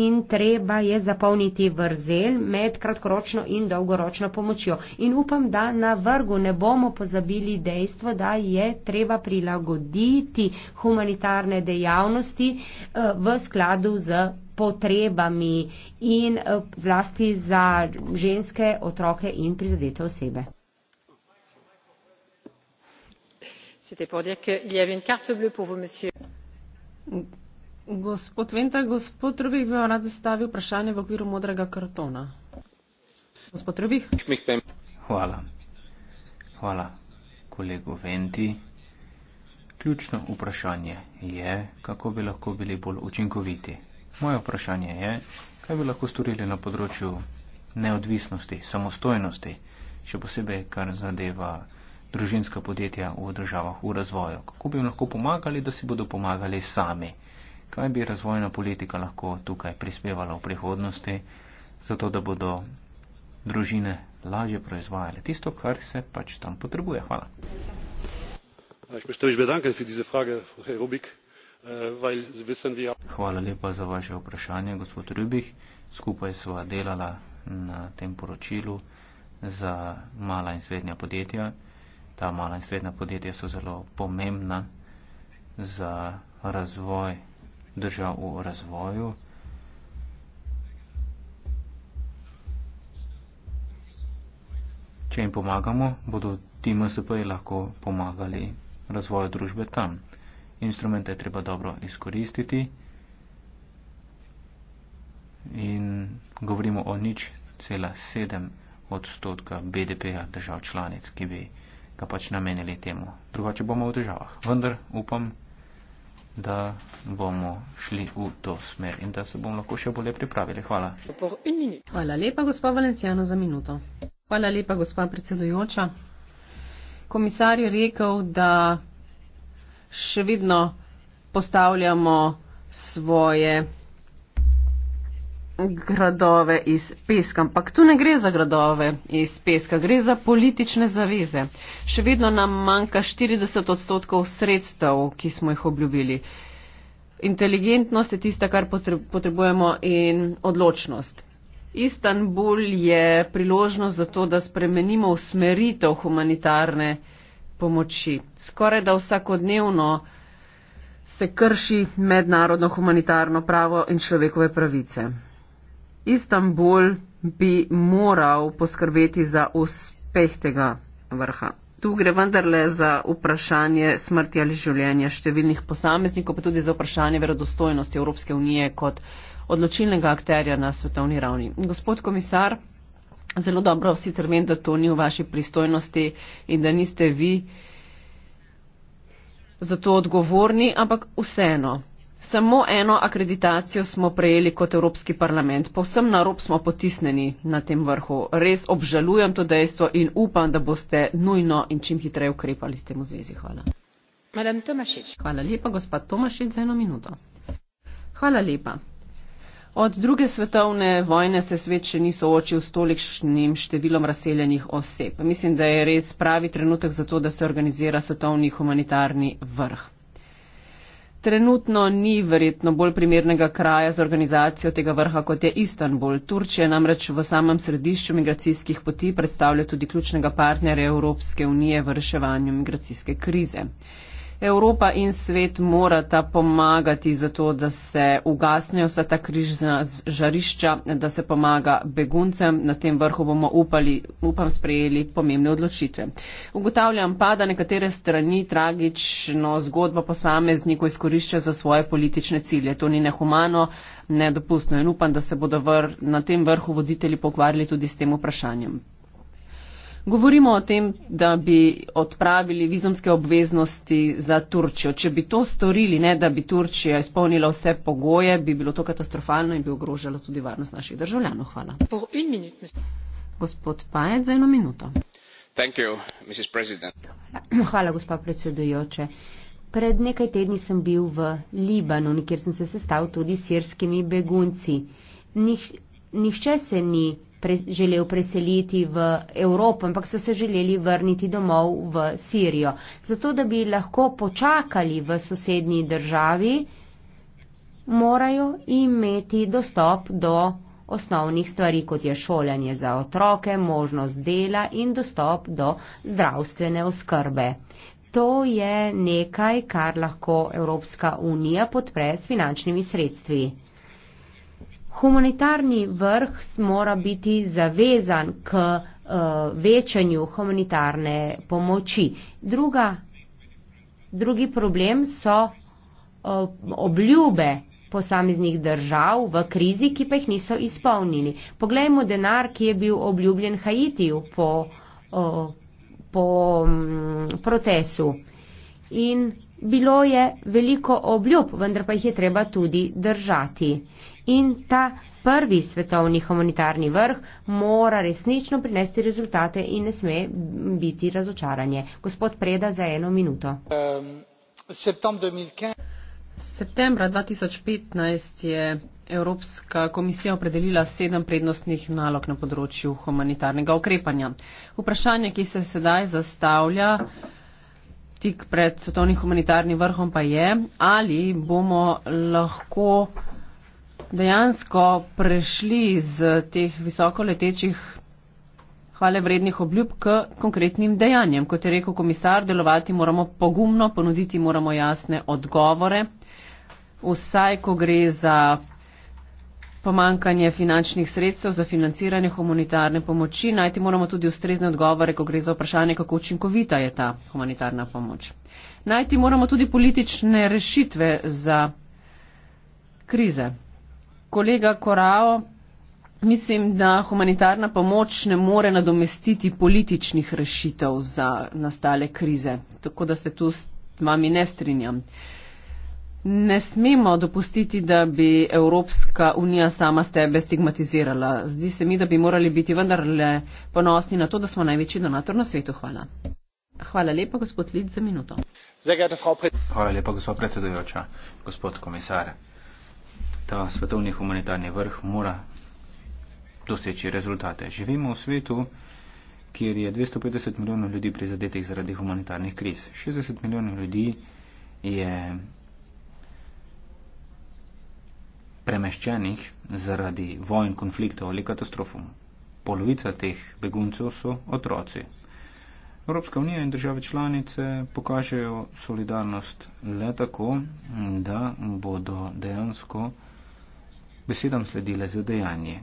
in treba je zapolniti vrzel med kratkoročno in dolgoročno pomočjo. In upam, da na vrgu ne bomo pozabili dejstvo, da je treba prilagoditi humanitarne dejavnosti eh, v skladu z potrebami in eh, zlasti za ženske, otroke in prizadete osebe. Gospod Venta, gospod Trubih bi vam rad zastavil vprašanje v okviru modrega kartona. Gospod Trubih? Hvala. Hvala kolegu Venti. Ključno vprašanje je, kako bi lahko bili bolj učinkoviti. Moje vprašanje je, kaj bi lahko storili na področju neodvisnosti, samostojnosti, še posebej, kar zadeva družinska podjetja v državah v razvoju. Kako bi jim lahko pomagali, da si bodo pomagali sami? Kaj bi razvojna politika lahko tukaj prispevala v prihodnosti, zato da bodo družine lažje proizvajale tisto, kar se pač tam potrebuje? Hvala. Ja, ich möchte mich bedanken für diese Frage, Herr Rubik. Hvala lepa za vaše vprašanje, gospod Rubih. Skupaj sva delala na tem poročilu za mala in srednja podjetja. Ta mala in srednja podjetja so zelo pomembna za razvoj držav v razvoju. Če jim pomagamo, bodo ti MSP lahko pomagali razvoju družbe tam instrumente je treba dobro izkoristiti. In govorimo o nič cela sedem odstotka BDP-ja držav članic, ki bi ga pač namenili temu. Drugače bomo v državah. Vendar upam, da bomo šli v to smer in da se bomo lahko še bolje pripravili. Hvala. Hvala lepa, gospod Valencijano, za minuto. Hvala lepa, gospod predsedujoča. Komisar je rekel, da še vedno postavljamo svoje gradove iz peska. Ampak tu ne gre za gradove iz peska, gre za politične zaveze. Še vedno nam manjka 40 odstotkov sredstev, ki smo jih obljubili. Inteligentnost je tista, kar potrebujemo in odločnost. Istanbul je priložnost za to, da spremenimo usmeritev humanitarne pomoči. Skoraj da vsakodnevno se krši mednarodno humanitarno pravo in človekove pravice. Istanbul bi moral poskrbeti za uspeh tega vrha. Tu gre vendarle za vprašanje smrti ali življenja številnih posameznikov, pa tudi za vprašanje verodostojnosti Evropske unije kot odločilnega akterja na svetovni ravni. Gospod komisar, Zelo dobro, sicer vem, da to ni v vaši pristojnosti in da niste vi za to odgovorni, ampak vseeno. Samo eno akreditacijo smo prejeli kot Evropski parlament. Povsem na rob smo potisneni na tem vrhu. Res obžalujem to dejstvo in upam, da boste nujno in čim hitreje ukrepali s tem v zvezi. Hvala. Hvala lepa, gospod Tomašič, za eno minuto. Hvala lepa. Od druge svetovne vojne se svet še ni soočil s tolikšnim številom razseljenih oseb. Mislim, da je res pravi trenutek za to, da se organizira svetovni humanitarni vrh. Trenutno ni verjetno bolj primernega kraja za organizacijo tega vrha, kot je Istanbul. Turčija namreč v samem središču migracijskih poti predstavlja tudi ključnega partnerja Evropske unije v reševanju migracijske krize. Evropa in svet morata pomagati za to, da se ugasnejo vsa ta križna žarišča, da se pomaga beguncem. Na tem vrhu bomo upali, upam, sprejeli pomembne odločitve. Ugotavljam pa, da nekatere strani tragično zgodbo posamezniku izkorišča za svoje politične cilje. To ni nehumano, nedopustno in upam, da se bodo vr, na tem vrhu voditelji pokvarili tudi s tem vprašanjem. Govorimo o tem, da bi odpravili vizumske obveznosti za Turčijo. Če bi to storili, ne da bi Turčija izpolnila vse pogoje, bi bilo to katastrofalno in bi ogrožalo tudi varnost naših državljanov. Hvala. Gospod Pajec, za eno minuto. You, *clears throat* Hvala, gospa predsedujoče. Pred nekaj tedni sem bil v Libanonu, kjer sem se sestavil tudi s sirskimi begunci. Nih, nihče se ni pre, želel preseliti v Evropo, ampak so se želeli vrniti domov v Sirijo. Zato, da bi lahko počakali v sosednji državi, morajo imeti dostop do osnovnih stvari, kot je šolanje za otroke, možnost dela in dostop do zdravstvene oskrbe. To je nekaj, kar lahko Evropska unija podpre s finančnimi sredstvi. Humanitarni vrh mora biti zavezan k uh, večanju humanitarne pomoči. Druga, drugi problem so uh, obljube posameznih držav v krizi, ki pa jih niso izpolnili. Poglejmo denar, ki je bil obljubljen Haitiju po, uh, po um, procesu. In bilo je veliko obljub, vendar pa jih je treba tudi držati in ta prvi svetovni humanitarni vrh mora resnično prinesti rezultate in ne sme biti razočaranje. Gospod Preda za eno minuto. Ehm, Septembra 2015 je Evropska komisija opredelila sedem prednostnih nalog na področju humanitarnega ukrepanja. Vprašanje, ki se sedaj zastavlja tik pred svetovnim humanitarnim vrhom, pa je, ali bomo lahko dejansko prešli iz teh visokoletečih hvale vrednih obljub k konkretnim dejanjem. Kot je rekel komisar, delovati moramo pogumno, ponuditi moramo jasne odgovore. Vsaj, ko gre za pomankanje finančnih sredstev, za financiranje humanitarne pomoči, najti moramo tudi ustrezne odgovore, ko gre za vprašanje, kako učinkovita je ta humanitarna pomoč. Najti moramo tudi politične rešitve za krize kolega Korao, mislim, da humanitarna pomoč ne more nadomestiti političnih rešitev za nastale krize. Tako da se tu s vami ne strinjam. Ne smemo dopustiti, da bi Evropska unija sama sebe stigmatizirala. Zdi se mi, da bi morali biti vendarle ponosni na to, da smo največji donator na svetu. Hvala. Hvala lepa, gospod Lid, za minuto. Hvala lepa, gospod predsedujoča, gospod komisar ta svetovni humanitarni vrh mora doseči rezultate. Živimo v svetu, kjer je 250 milijonov ljudi prizadetih zaradi humanitarnih kriz. 60 milijonov ljudi je premeščenih zaradi vojn, konfliktov ali katastrofom. Polovica teh beguncev so otroci. Evropska unija in države članice pokažejo solidarnost le tako, da bodo dejansko besedam sledile za dejanje.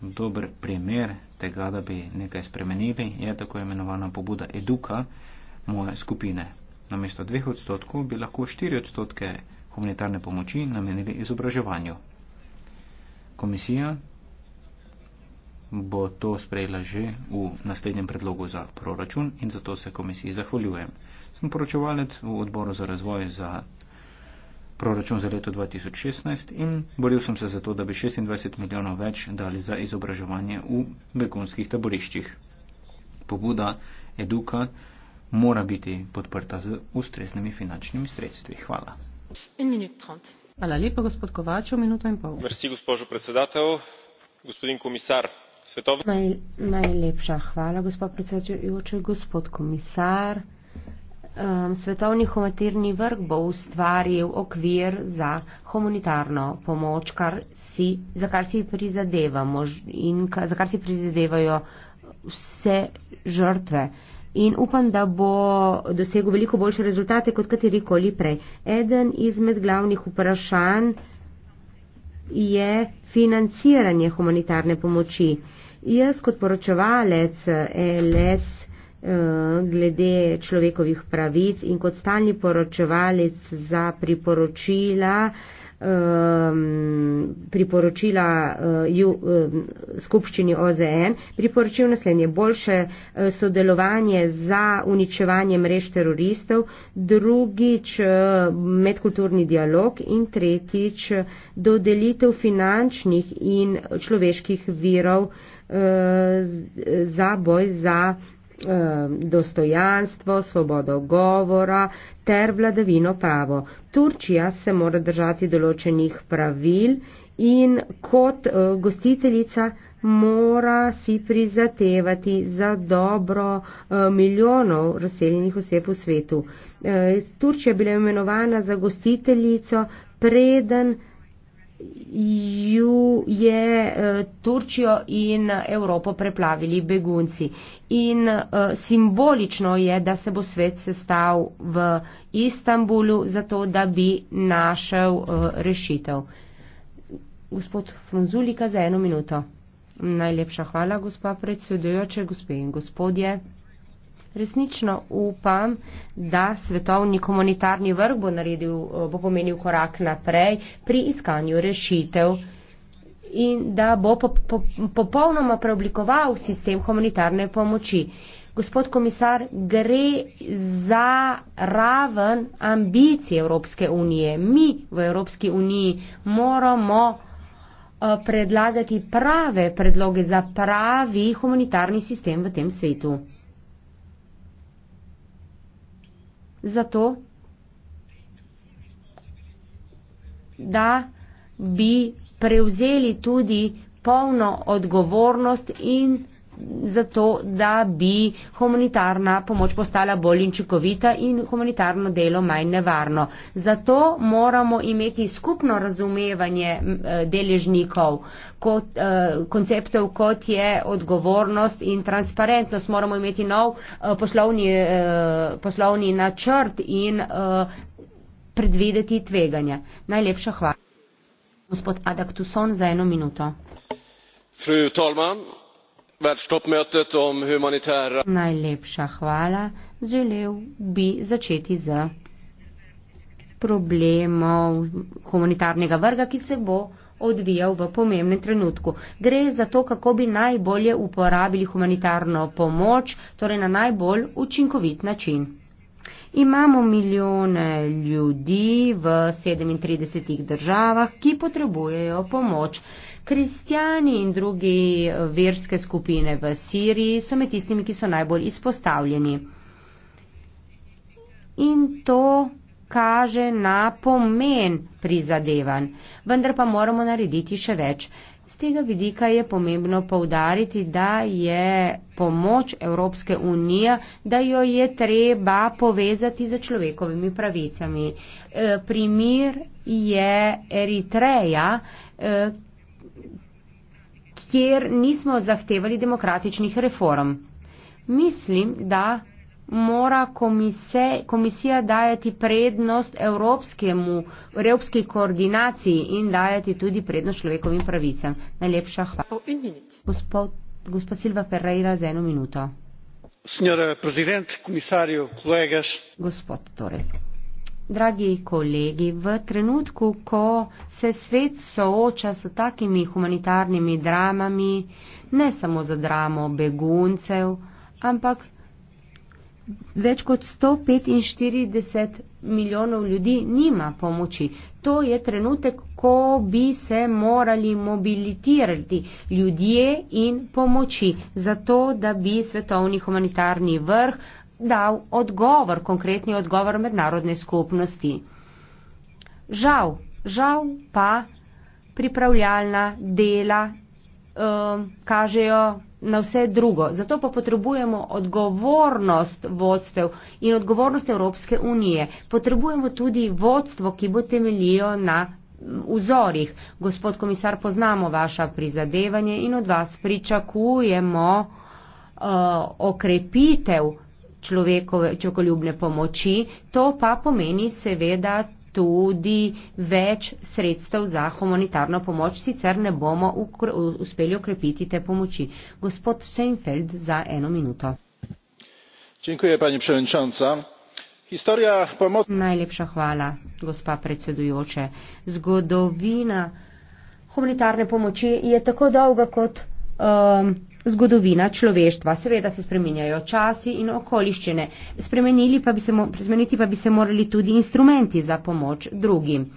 Dober primer tega, da bi nekaj spremenili, je tako imenovana pobuda eduka moje skupine. Namesto dveh odstotkov bi lahko štiri odstotke humanitarne pomoči namenili izobraževanju. Komisija bo to sprejela že v naslednjem predlogu za proračun in zato se komisiji zahvaljujem. Sem poročevalec v odboru za razvoj za proračun za leto 2016 in boril sem se za to, da bi 26 milijonov več dali za izobraževanje v begunskih taboriščih. Pobuda Eduka mora biti podprta z ustreznimi finančnimi sredstvi. Hvala. Hvala lepa, gospod Kovač, v minuto in pol. Merci, gospožo predsedatelj, gospodin komisar. Svetovni... Naj, najlepša hvala, gospod predsedujoči, gospod komisar um, svetovni humanitarni vrh bo ustvaril okvir za humanitarno pomoč, kar si, za kar si prizadevamo in ka, za kar si prizadevajo vse žrtve. In upam, da bo dosegel veliko boljše rezultate kot katerikoli prej. Eden izmed glavnih vprašanj je financiranje humanitarne pomoči. Jaz kot poročevalec LS Eh, glede človekovih pravic in kot stalni poročevalec za priporočila, priporočila eh, eh, skupščini OZN priporočil naslednje boljše sodelovanje za uničevanje mrež teroristov, drugič medkulturni dialog in tretjič dodelitev finančnih in človeških virov za boj za Eh, dostojanstvo, svobodo govora ter vladavino pravo. Turčija se mora držati določenih pravil in kot eh, gostiteljica mora si prizatevati za dobro eh, milijonov razseljenih oseb v svetu. Turčija je bila imenovana za gostiteljico preden ju je e, Turčijo in Evropo preplavili begunci. In e, simbolično je, da se bo svet sestav v Istanbulu zato, da bi našel e, rešitev. Gospod Frunzulika, za eno minuto. Najlepša hvala, gospa predsedujoče, gospe in gospodje resnično upam, da svetovni komunitarni vrh bo, naredil, bo pomenil korak naprej pri iskanju rešitev in da bo popolnoma preoblikoval sistem humanitarne pomoči. Gospod komisar, gre za raven ambicije Evropske unije. Mi v Evropski uniji moramo eh, predlagati prave predloge za pravi humanitarni sistem v tem svetu. zato, da bi prevzeli tudi polno odgovornost in odgovornost zato, da bi humanitarna pomoč postala bolj učinkovita in humanitarno delo manj nevarno. Zato moramo imeti skupno razumevanje eh, deležnikov, kot, eh, konceptov, kot je odgovornost in transparentnost. Moramo imeti nov eh, poslovni, poslovni načrt in predvideti tveganja. Najlepša hvala. Gospod Adaktuson za eno minuto. Fru talman, världstoppmötet om humanitära... Najlepša hvala. Želel bi začeti z problemov humanitarnega vrga, ki se bo odvijal v pomembnem trenutku. Gre za to, kako bi najbolje uporabili humanitarno pomoč, torej na najbolj učinkovit način. Imamo milijone ljudi v 37 državah, ki potrebujejo pomoč. Kristijani in druge eh, verske skupine v Siriji so med tistimi, ki so najbolj izpostavljeni. In to kaže na pomen prizadevanj, vendar pa moramo narediti še več. Z tega vidika je pomembno povdariti, da je pomoč Evropske unije, da jo je treba povezati za človekovimi pravicami. E, eh, primir je Eritreja, e, kjer nismo zahtevali demokratičnih reform. Mislim, da mora komise, komisija dajati prednost evropskemu, evropski koordinaciji in dajati tudi prednost človekovim pravicam. Najlepša hvala. Oh, gospod, gospod Silva Ferreira za eno minuto. Gospod Torek. Dragi kolegi, v trenutku, ko se svet sooča s takimi humanitarnimi dramami, ne samo za dramo beguncev, ampak več kot 145 milijonov ljudi nima pomoči. To je trenutek, ko bi se morali mobilitirati ljudje in pomoči, zato da bi svetovni humanitarni vrh dal odgovor, konkretni odgovor mednarodne skupnosti. Žal, žal pa pripravljalna dela um, kažejo na vse drugo. Zato pa potrebujemo odgovornost vodstev in odgovornost Evropske unije. Potrebujemo tudi vodstvo, ki bo temeljilo na vzorih. Gospod komisar, poznamo vaša prizadevanje in od vas pričakujemo uh, okrepitev človekove čokoljubne pomoči, to pa pomeni seveda tudi več sredstev za humanitarno pomoč, sicer ne bomo uspeli okrepiti te pomoči. Gospod Seinfeld za eno minuto. Dziękuję, pani przewodnicząca. Historia pomoc... Najlepša hvala, gospa predsedujoče. Zgodovina humanitarne pomoči je tako dolga kot um, zgodovina človeštva. Seveda se spreminjajo časi in okoliščine, pa bi se, spremeniti pa bi se morali tudi instrumenti za pomoč drugim.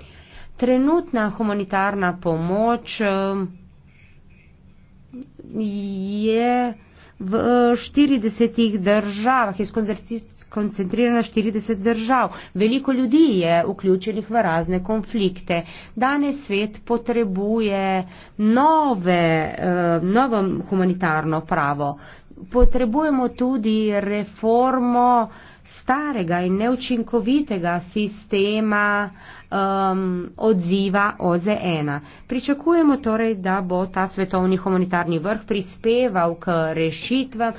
Trenutna humanitarna pomoč ehm, je. Uh, v 40 eh, državah, je skoncentrirana 40 držav. Veliko ljudi je vključenih v razne konflikte. Danes svet potrebuje nove, eh, novo humanitarno pravo. Potrebujemo tudi reformo, starega in neučinkovitega sistema um, odziva OZE-1. Pričakujemo torej, da bo ta svetovni humanitarni vrh prispeval k rešitvam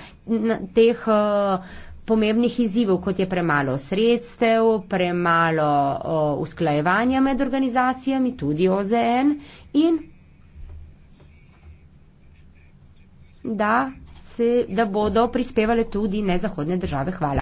teh uh, pomembnih izzivov, kot je premalo sredstev, premalo o, usklajevanja med organizacijami, tudi OZN, in da, se, da bodo prispevale tudi nezahodne države. Hvala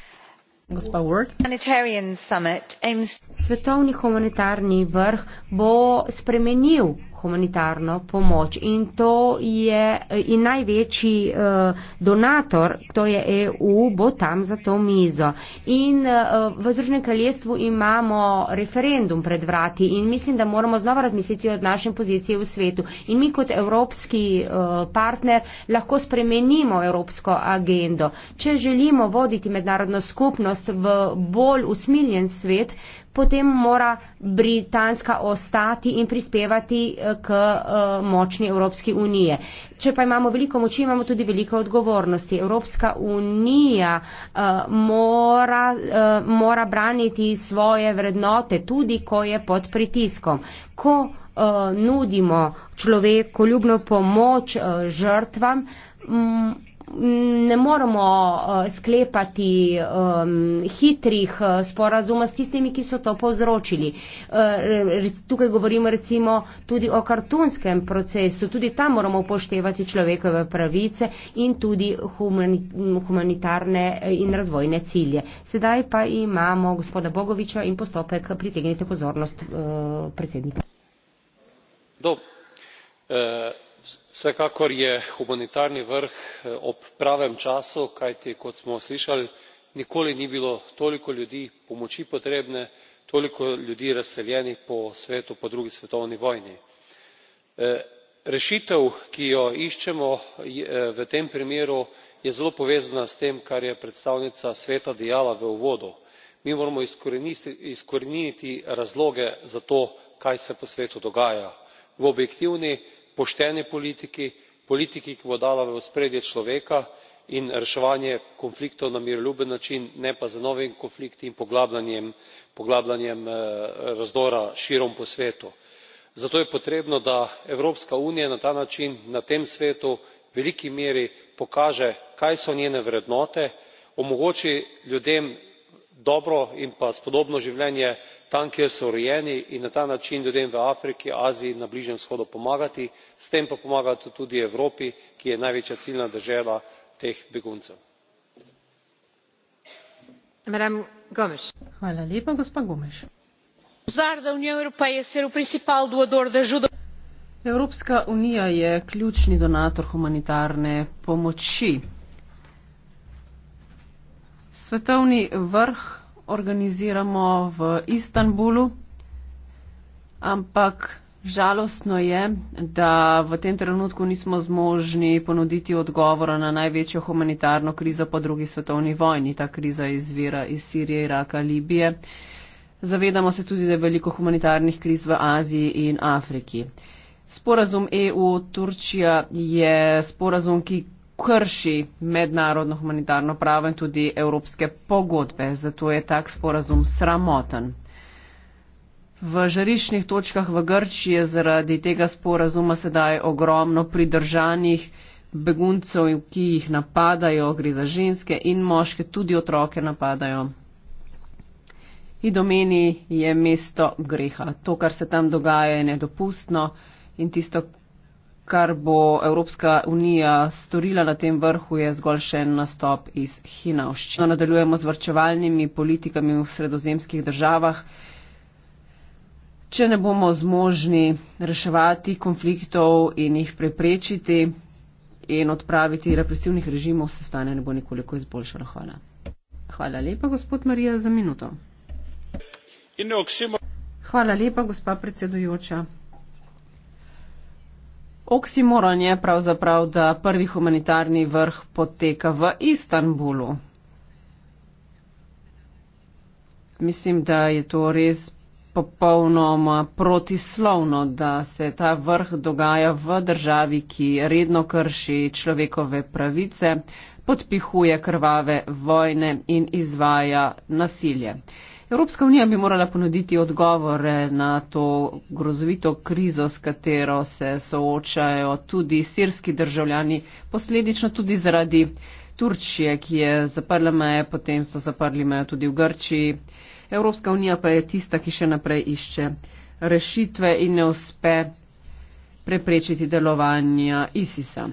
svetovni humanitarni vrh bo spremenil humanitarno politiko humanitarno pomoč in to je in največji uh, donator, to je EU, bo tam za to mizo. In uh, v Združenem kraljestvu imamo referendum pred vrati in mislim, da moramo znova razmisliti o našem poziciji v svetu. In mi kot evropski uh, partner lahko spremenimo evropsko agendo. Če želimo voditi mednarodno skupnost v bolj usmiljen svet, potem mora Britanska ostati in prispevati eh, k eh, močni Evropski unije. Če pa imamo veliko moči, imamo tudi veliko odgovornosti. Evropska unija uh, mora, uh, mora braniti svoje vrednote, tudi ko je pod pritiskom. Ko uh, nudimo človeku ljubno pomoč uh, žrtvam, um, ne moramo eh, sklepati um, hitrih eh, sporazuma s tistimi, ki so to povzročili. Eh, tukaj govorimo recimo tudi o kartunskem procesu, tudi tam moramo upoštevati človekove pravice in tudi humanitarne in razvojne cilje. Sedaj pa imamo gospoda Bogoviča in postopek, pritegnite pozornost predsednika. Dob vsekakor je humanitarni vrh eh, ob pravem času kajti kot smo slišali nikoli ni bilo toliko ljudi pomoči potrebne toliko ljudi razseljenih po svetu po drugi svetovni vojni. Eh, rešitev ki jo iščemo eh, v tem primeru je zelo povezana s tem kar je predstavnica sveta dejala v uvodu mi moramo izkoreniniti razloge za to kaj se po svetu dogaja v objektivni pošteni politiki politiki ki bo dala v ospredje človeka in reševanje konfliktov na miroljuben način ne pa z novimi konflikti in poglabljanjem eh, razdora širom po svetu. zato je potrebno da evropska unija na ta način na tem svetu v veliki meri pokaže kaj so njene vrednote omogoči ljudem dobro in pa spodobno življenje tam kjer so rojeni in na ta način ljudem v afriki aziji in na bližnjem vzhodu pomagati s tem pa pomagati tudi evropi ki je največja ciljna dežela teh beguncev. evropska unija je ključni donator humanitarne pomoči. Svetovni vrh organiziramo v Istanbulu, ampak žalostno je, da v tem trenutku nismo zmožni ponuditi odgovora na največjo humanitarno krizo po drugi svetovni vojni. Ta kriza izvira iz Sirije, Iraka, Libije. Zavedamo se tudi, da je veliko humanitarnih kriz v Aziji in Afriki. Sporazum EU-Turčija je sporazum, ki krši mednarodno humanitarno pravo in tudi evropske pogodbe. Zato je tak sporazum sramoten. V žariščnih točkah v Grči je zaradi tega sporazuma sedaj ogromno pridržanih beguncev, ki jih napadajo, gre za ženske in moške, tudi otroke napadajo. Idomeni je mesto greha. To, kar se tam dogaja, je nedopustno in tisto, kar bo Evropska unija storila na tem vrhu, je zgolj še en nastop iz Hinavščina. No, nadaljujemo z vrčevalnimi politikami v sredozemskih državah. Če ne bomo zmožni reševati konfliktov in jih preprečiti in odpraviti represivnih režimov, se stanje ne bo nekoliko izboljšalo. Hvala. Hvala lepa, gospod Marija, za minuto. Hvala lepa, gospa predsedujoča. Oksimoron je pravzaprav, da prvi humanitarni vrh poteka v Istanbulu. Mislim, da je to res popolnoma protislovno, da se ta vrh dogaja v državi, ki redno krši človekove pravice, podpihuje krvave vojne in izvaja nasilje. Evropska unija bi morala ponuditi odgovore na to grozovito krizo, s katero se soočajo tudi sirski državljani, posledično tudi zaradi Turčije, ki je zaprla meje, potem so zaprli meje tudi v Grčiji. Evropska unija pa je tista, ki še naprej išče rešitve in ne uspe preprečiti delovanja ISIS-a.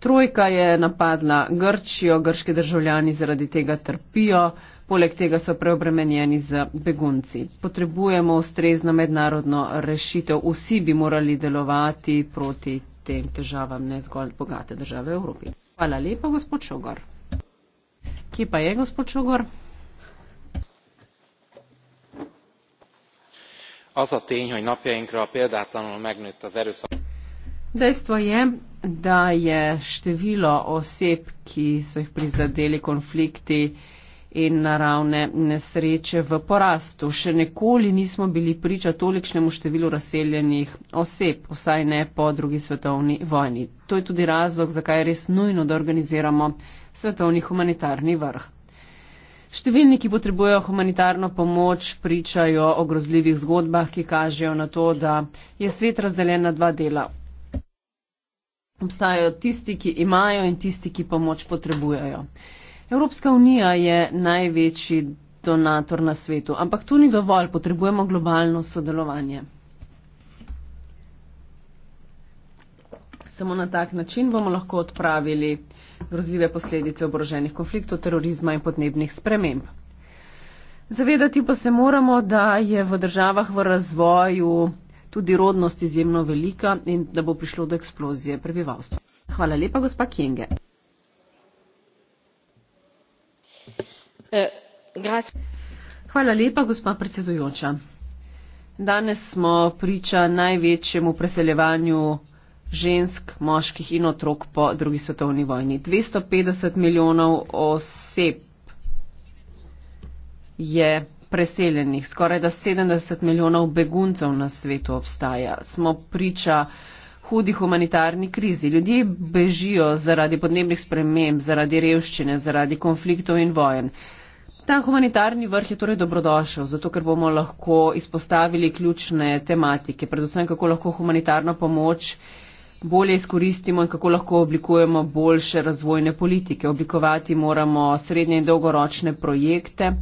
Trojka je napadla Grčijo, grški državljani zaradi tega trpijo, poleg tega so preobremenjeni z begunci. Potrebujemo ustrezno mednarodno rešitev, vsi bi morali delovati proti tem težavam, ne zgolj bogate države Evropi. Hvala lepa, gospod Šogor. Kje pa je gospod Šogor? Az a tény, hogy napjainkra példátlanul megnőtt az erőszak. Dejstvo je, da je število oseb, ki so jih prizadeli konflikti in naravne nesreče v porastu. Še nikoli nismo bili priča tolikšnemu številu razseljenih oseb, vsaj ne po drugi svetovni vojni. To je tudi razlog, zakaj je res nujno, da organiziramo svetovni humanitarni vrh. Številni, ki potrebujejo humanitarno pomoč, pričajo o grozljivih zgodbah, ki kažejo na to, da je svet razdeljen na dva dela obstajajo tisti, ki imajo in tisti, ki pomoč potrebujejo. Evropska unija je največji donator na svetu, ampak tu ni dovolj, potrebujemo globalno sodelovanje. Samo na tak način bomo lahko odpravili grozljive posledice oboroženih konfliktov, terorizma in podnebnih sprememb. Zavedati pa se moramo, da je v državah v razvoju tudi rodnost izjemno velika in da bo prišlo do eksplozije prebivalstva. Hvala lepa, gospa Kenge. Hvala lepa, gospa predsedujoča. Danes smo priča največjemu preseljevanju žensk, moških in otrok po drugi svetovni vojni. 250 milijonov oseb je preseljenih. Skoraj da 70 milijonov beguncev na svetu obstaja. Smo priča hudi humanitarni krizi. Ljudje bežijo zaradi podnebnih sprememb, zaradi revščine, zaradi konfliktov in vojen. Ta humanitarni vrh je torej dobrodošel, zato ker bomo lahko izpostavili ključne tematike, predvsem kako lahko humanitarno pomoč bolje izkoristimo in kako lahko oblikujemo boljše razvojne politike. Oblikovati moramo srednje in dolgoročne projekte,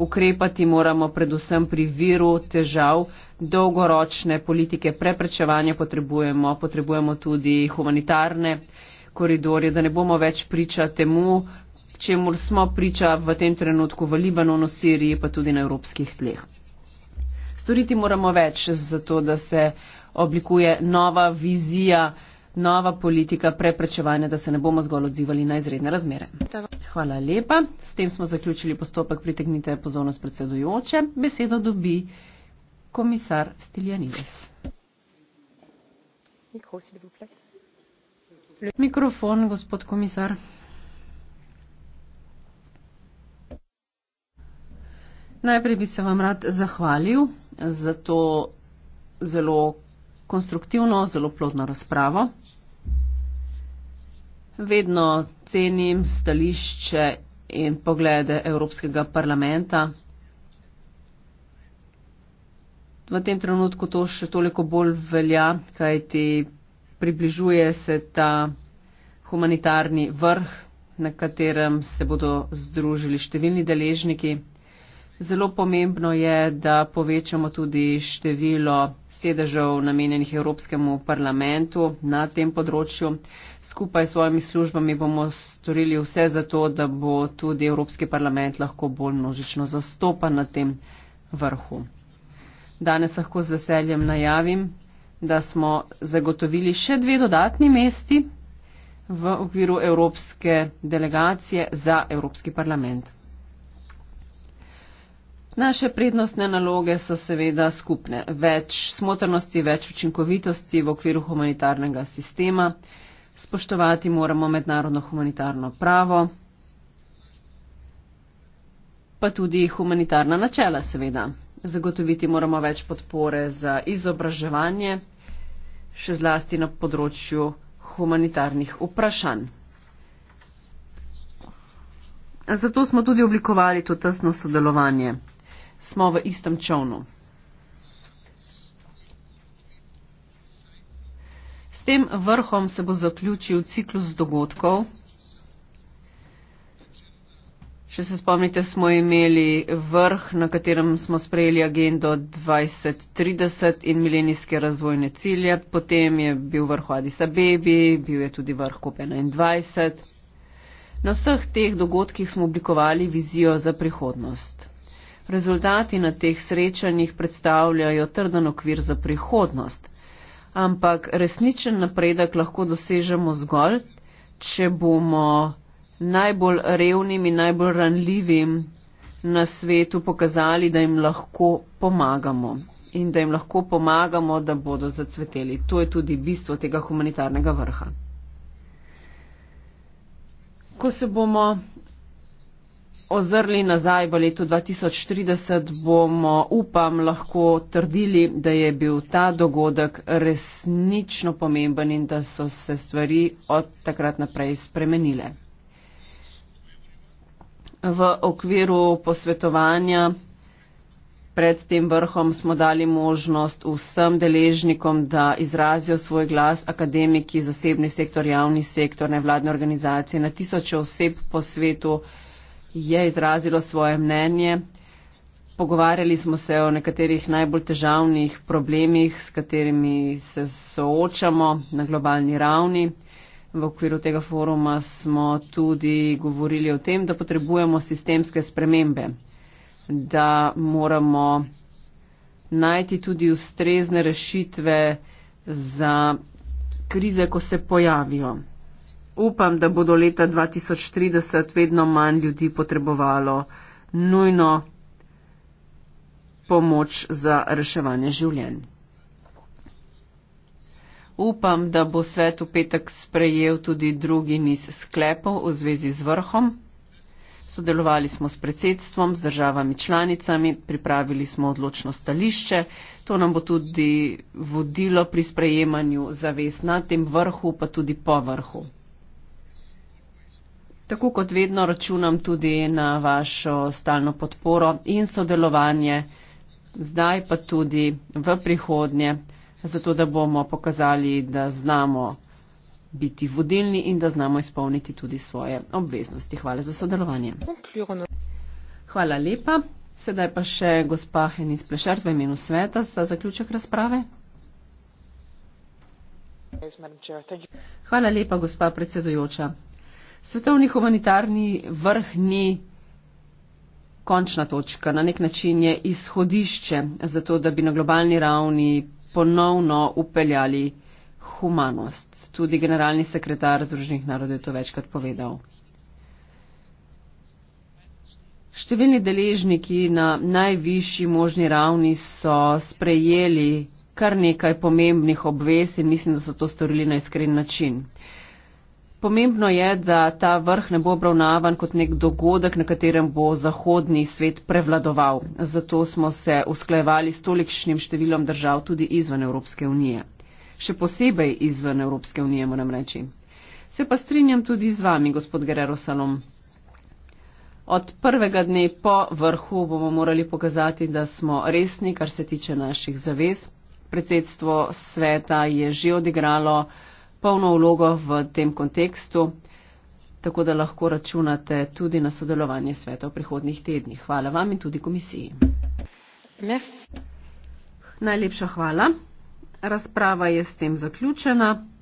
ukrepati moramo predvsem pri viru težav, dolgoročne politike preprečevanja potrebujemo, potrebujemo tudi humanitarne koridorje, da ne bomo več priča temu, čemu smo priča v tem trenutku v Libanonu, Siriji, pa tudi na evropskih tleh. Storiti moramo več za to, da se oblikuje nova vizija, nova politika preprečevanja, da se ne bomo zgolj odzivali na izredne razmere. Hvala lepa. S tem smo zaključili postopek. Pritegnite pozornost predsedujoče. Besedo dobi komisar Stiljanides. Mikrofon, gospod komisar. Najprej bi se vam rad zahvalil za to zelo konstruktivno, zelo plodno razpravo. Vedno cenim stališče in poglede Evropskega parlamenta. V tem trenutku to še toliko bolj velja, kajti približuje se ta humanitarni vrh, na katerem se bodo združili številni deležniki. Zelo pomembno je, da povečamo tudi število sedežev namenjenih Evropskemu parlamentu na tem področju. Skupaj s svojimi službami bomo storili vse za to, da bo tudi Evropski parlament lahko bolj množično zastopan na tem vrhu. Danes lahko z veseljem najavim, da smo zagotovili še dve dodatni mesti v okviru Evropske delegacije za Evropski parlament. Naše prednostne naloge so seveda skupne. Več smotrnosti, več učinkovitosti v okviru humanitarnega sistema. Spoštovati moramo mednarodno humanitarno pravo, pa tudi humanitarna načela seveda. Zagotoviti moramo več podpore za izobraževanje, še zlasti na področju humanitarnih vprašanj. Zato smo tudi oblikovali to tesno sodelovanje smo v istem čovnu. S tem vrhom se bo zaključil ciklus dogodkov. Če se spomnite, smo imeli vrh, na katerem smo sprejeli agendo 2030 in milenijske razvojne cilje, potem je bil vrh Adis Abebi, bil je tudi vrh COP21. Na vseh teh dogodkih smo oblikovali vizijo za prihodnost. Rezultati na teh srečanjih predstavljajo trden okvir za prihodnost, ampak resničen napredek lahko dosežemo zgolj, če bomo najbolj revnim in najbolj ranljivim na svetu pokazali, da jim lahko pomagamo in da jim lahko pomagamo, da bodo zacveteli. To je tudi bistvo tega humanitarnega vrha. Ko se bomo ozrli nazaj v leto 2030, bomo, upam, lahko trdili, da je bil ta dogodek resnično pomemben in da so se stvari od takrat naprej spremenile. V okviru posvetovanja pred tem vrhom smo dali možnost vsem deležnikom, da izrazijo svoj glas, akademiki, zasebni sektor, javni sektor, nevladne organizacije, na tisoče oseb po svetu, je izrazilo svoje mnenje. Pogovarjali smo se o nekaterih najbolj težavnih problemih, s katerimi se soočamo na globalni ravni. V okviru tega foruma smo tudi govorili o tem, da potrebujemo sistemske spremembe, da moramo najti tudi ustrezne rešitve za krize, ko se pojavijo. Upam, da bodo leta 2030 vedno manj ljudi potrebovalo nujno pomoč za reševanje življenj. Upam, da bo svet v petek sprejel tudi drugi niz sklepov v zvezi z vrhom. Sodelovali smo s predsedstvom, z državami članicami, pripravili smo odločno stališče. To nam bo tudi vodilo pri sprejemanju zavez na tem vrhu, pa tudi po vrhu. Tako kot vedno računam tudi na vašo stalno podporo in sodelovanje, zdaj pa tudi v prihodnje, zato da bomo pokazali, da znamo biti vodilni in da znamo izpolniti tudi svoje obveznosti. Hvala za sodelovanje. Hvala lepa. Sedaj pa še gospa Henis Plešert v imenu sveta za zaključek razprave. Hvala lepa, gospa predsedujoča svetovni humanitarni vrh ni končna točka, na nek način je izhodišče za to, da bi na globalni ravni ponovno upeljali humanost. Tudi generalni sekretar Združenih narodov je to večkrat povedal. Številni deležniki na najvišji možni ravni so sprejeli kar nekaj pomembnih obvez in mislim, da so to storili na iskren način. Pomembno je, da ta vrh ne bo obravnavan kot nek dogodek, na katerem bo zahodni svet prevladoval. Zato smo se usklajevali s tolikšnim številom držav tudi izven Evropske unije. Še posebej izven Evropske unije, moram reči. Se pa strinjam tudi z vami, gospod Gerero Salom. Od prvega dne po vrhu bomo morali pokazati, da smo resni, kar se tiče naših zavez. Predsedstvo sveta je že odigralo polno vlogo v tem kontekstu, tako da lahko računate tudi na sodelovanje sveta v prihodnih tednih. Hvala vam in tudi komisiji. Najlepša hvala. Razprava je s tem zaključena.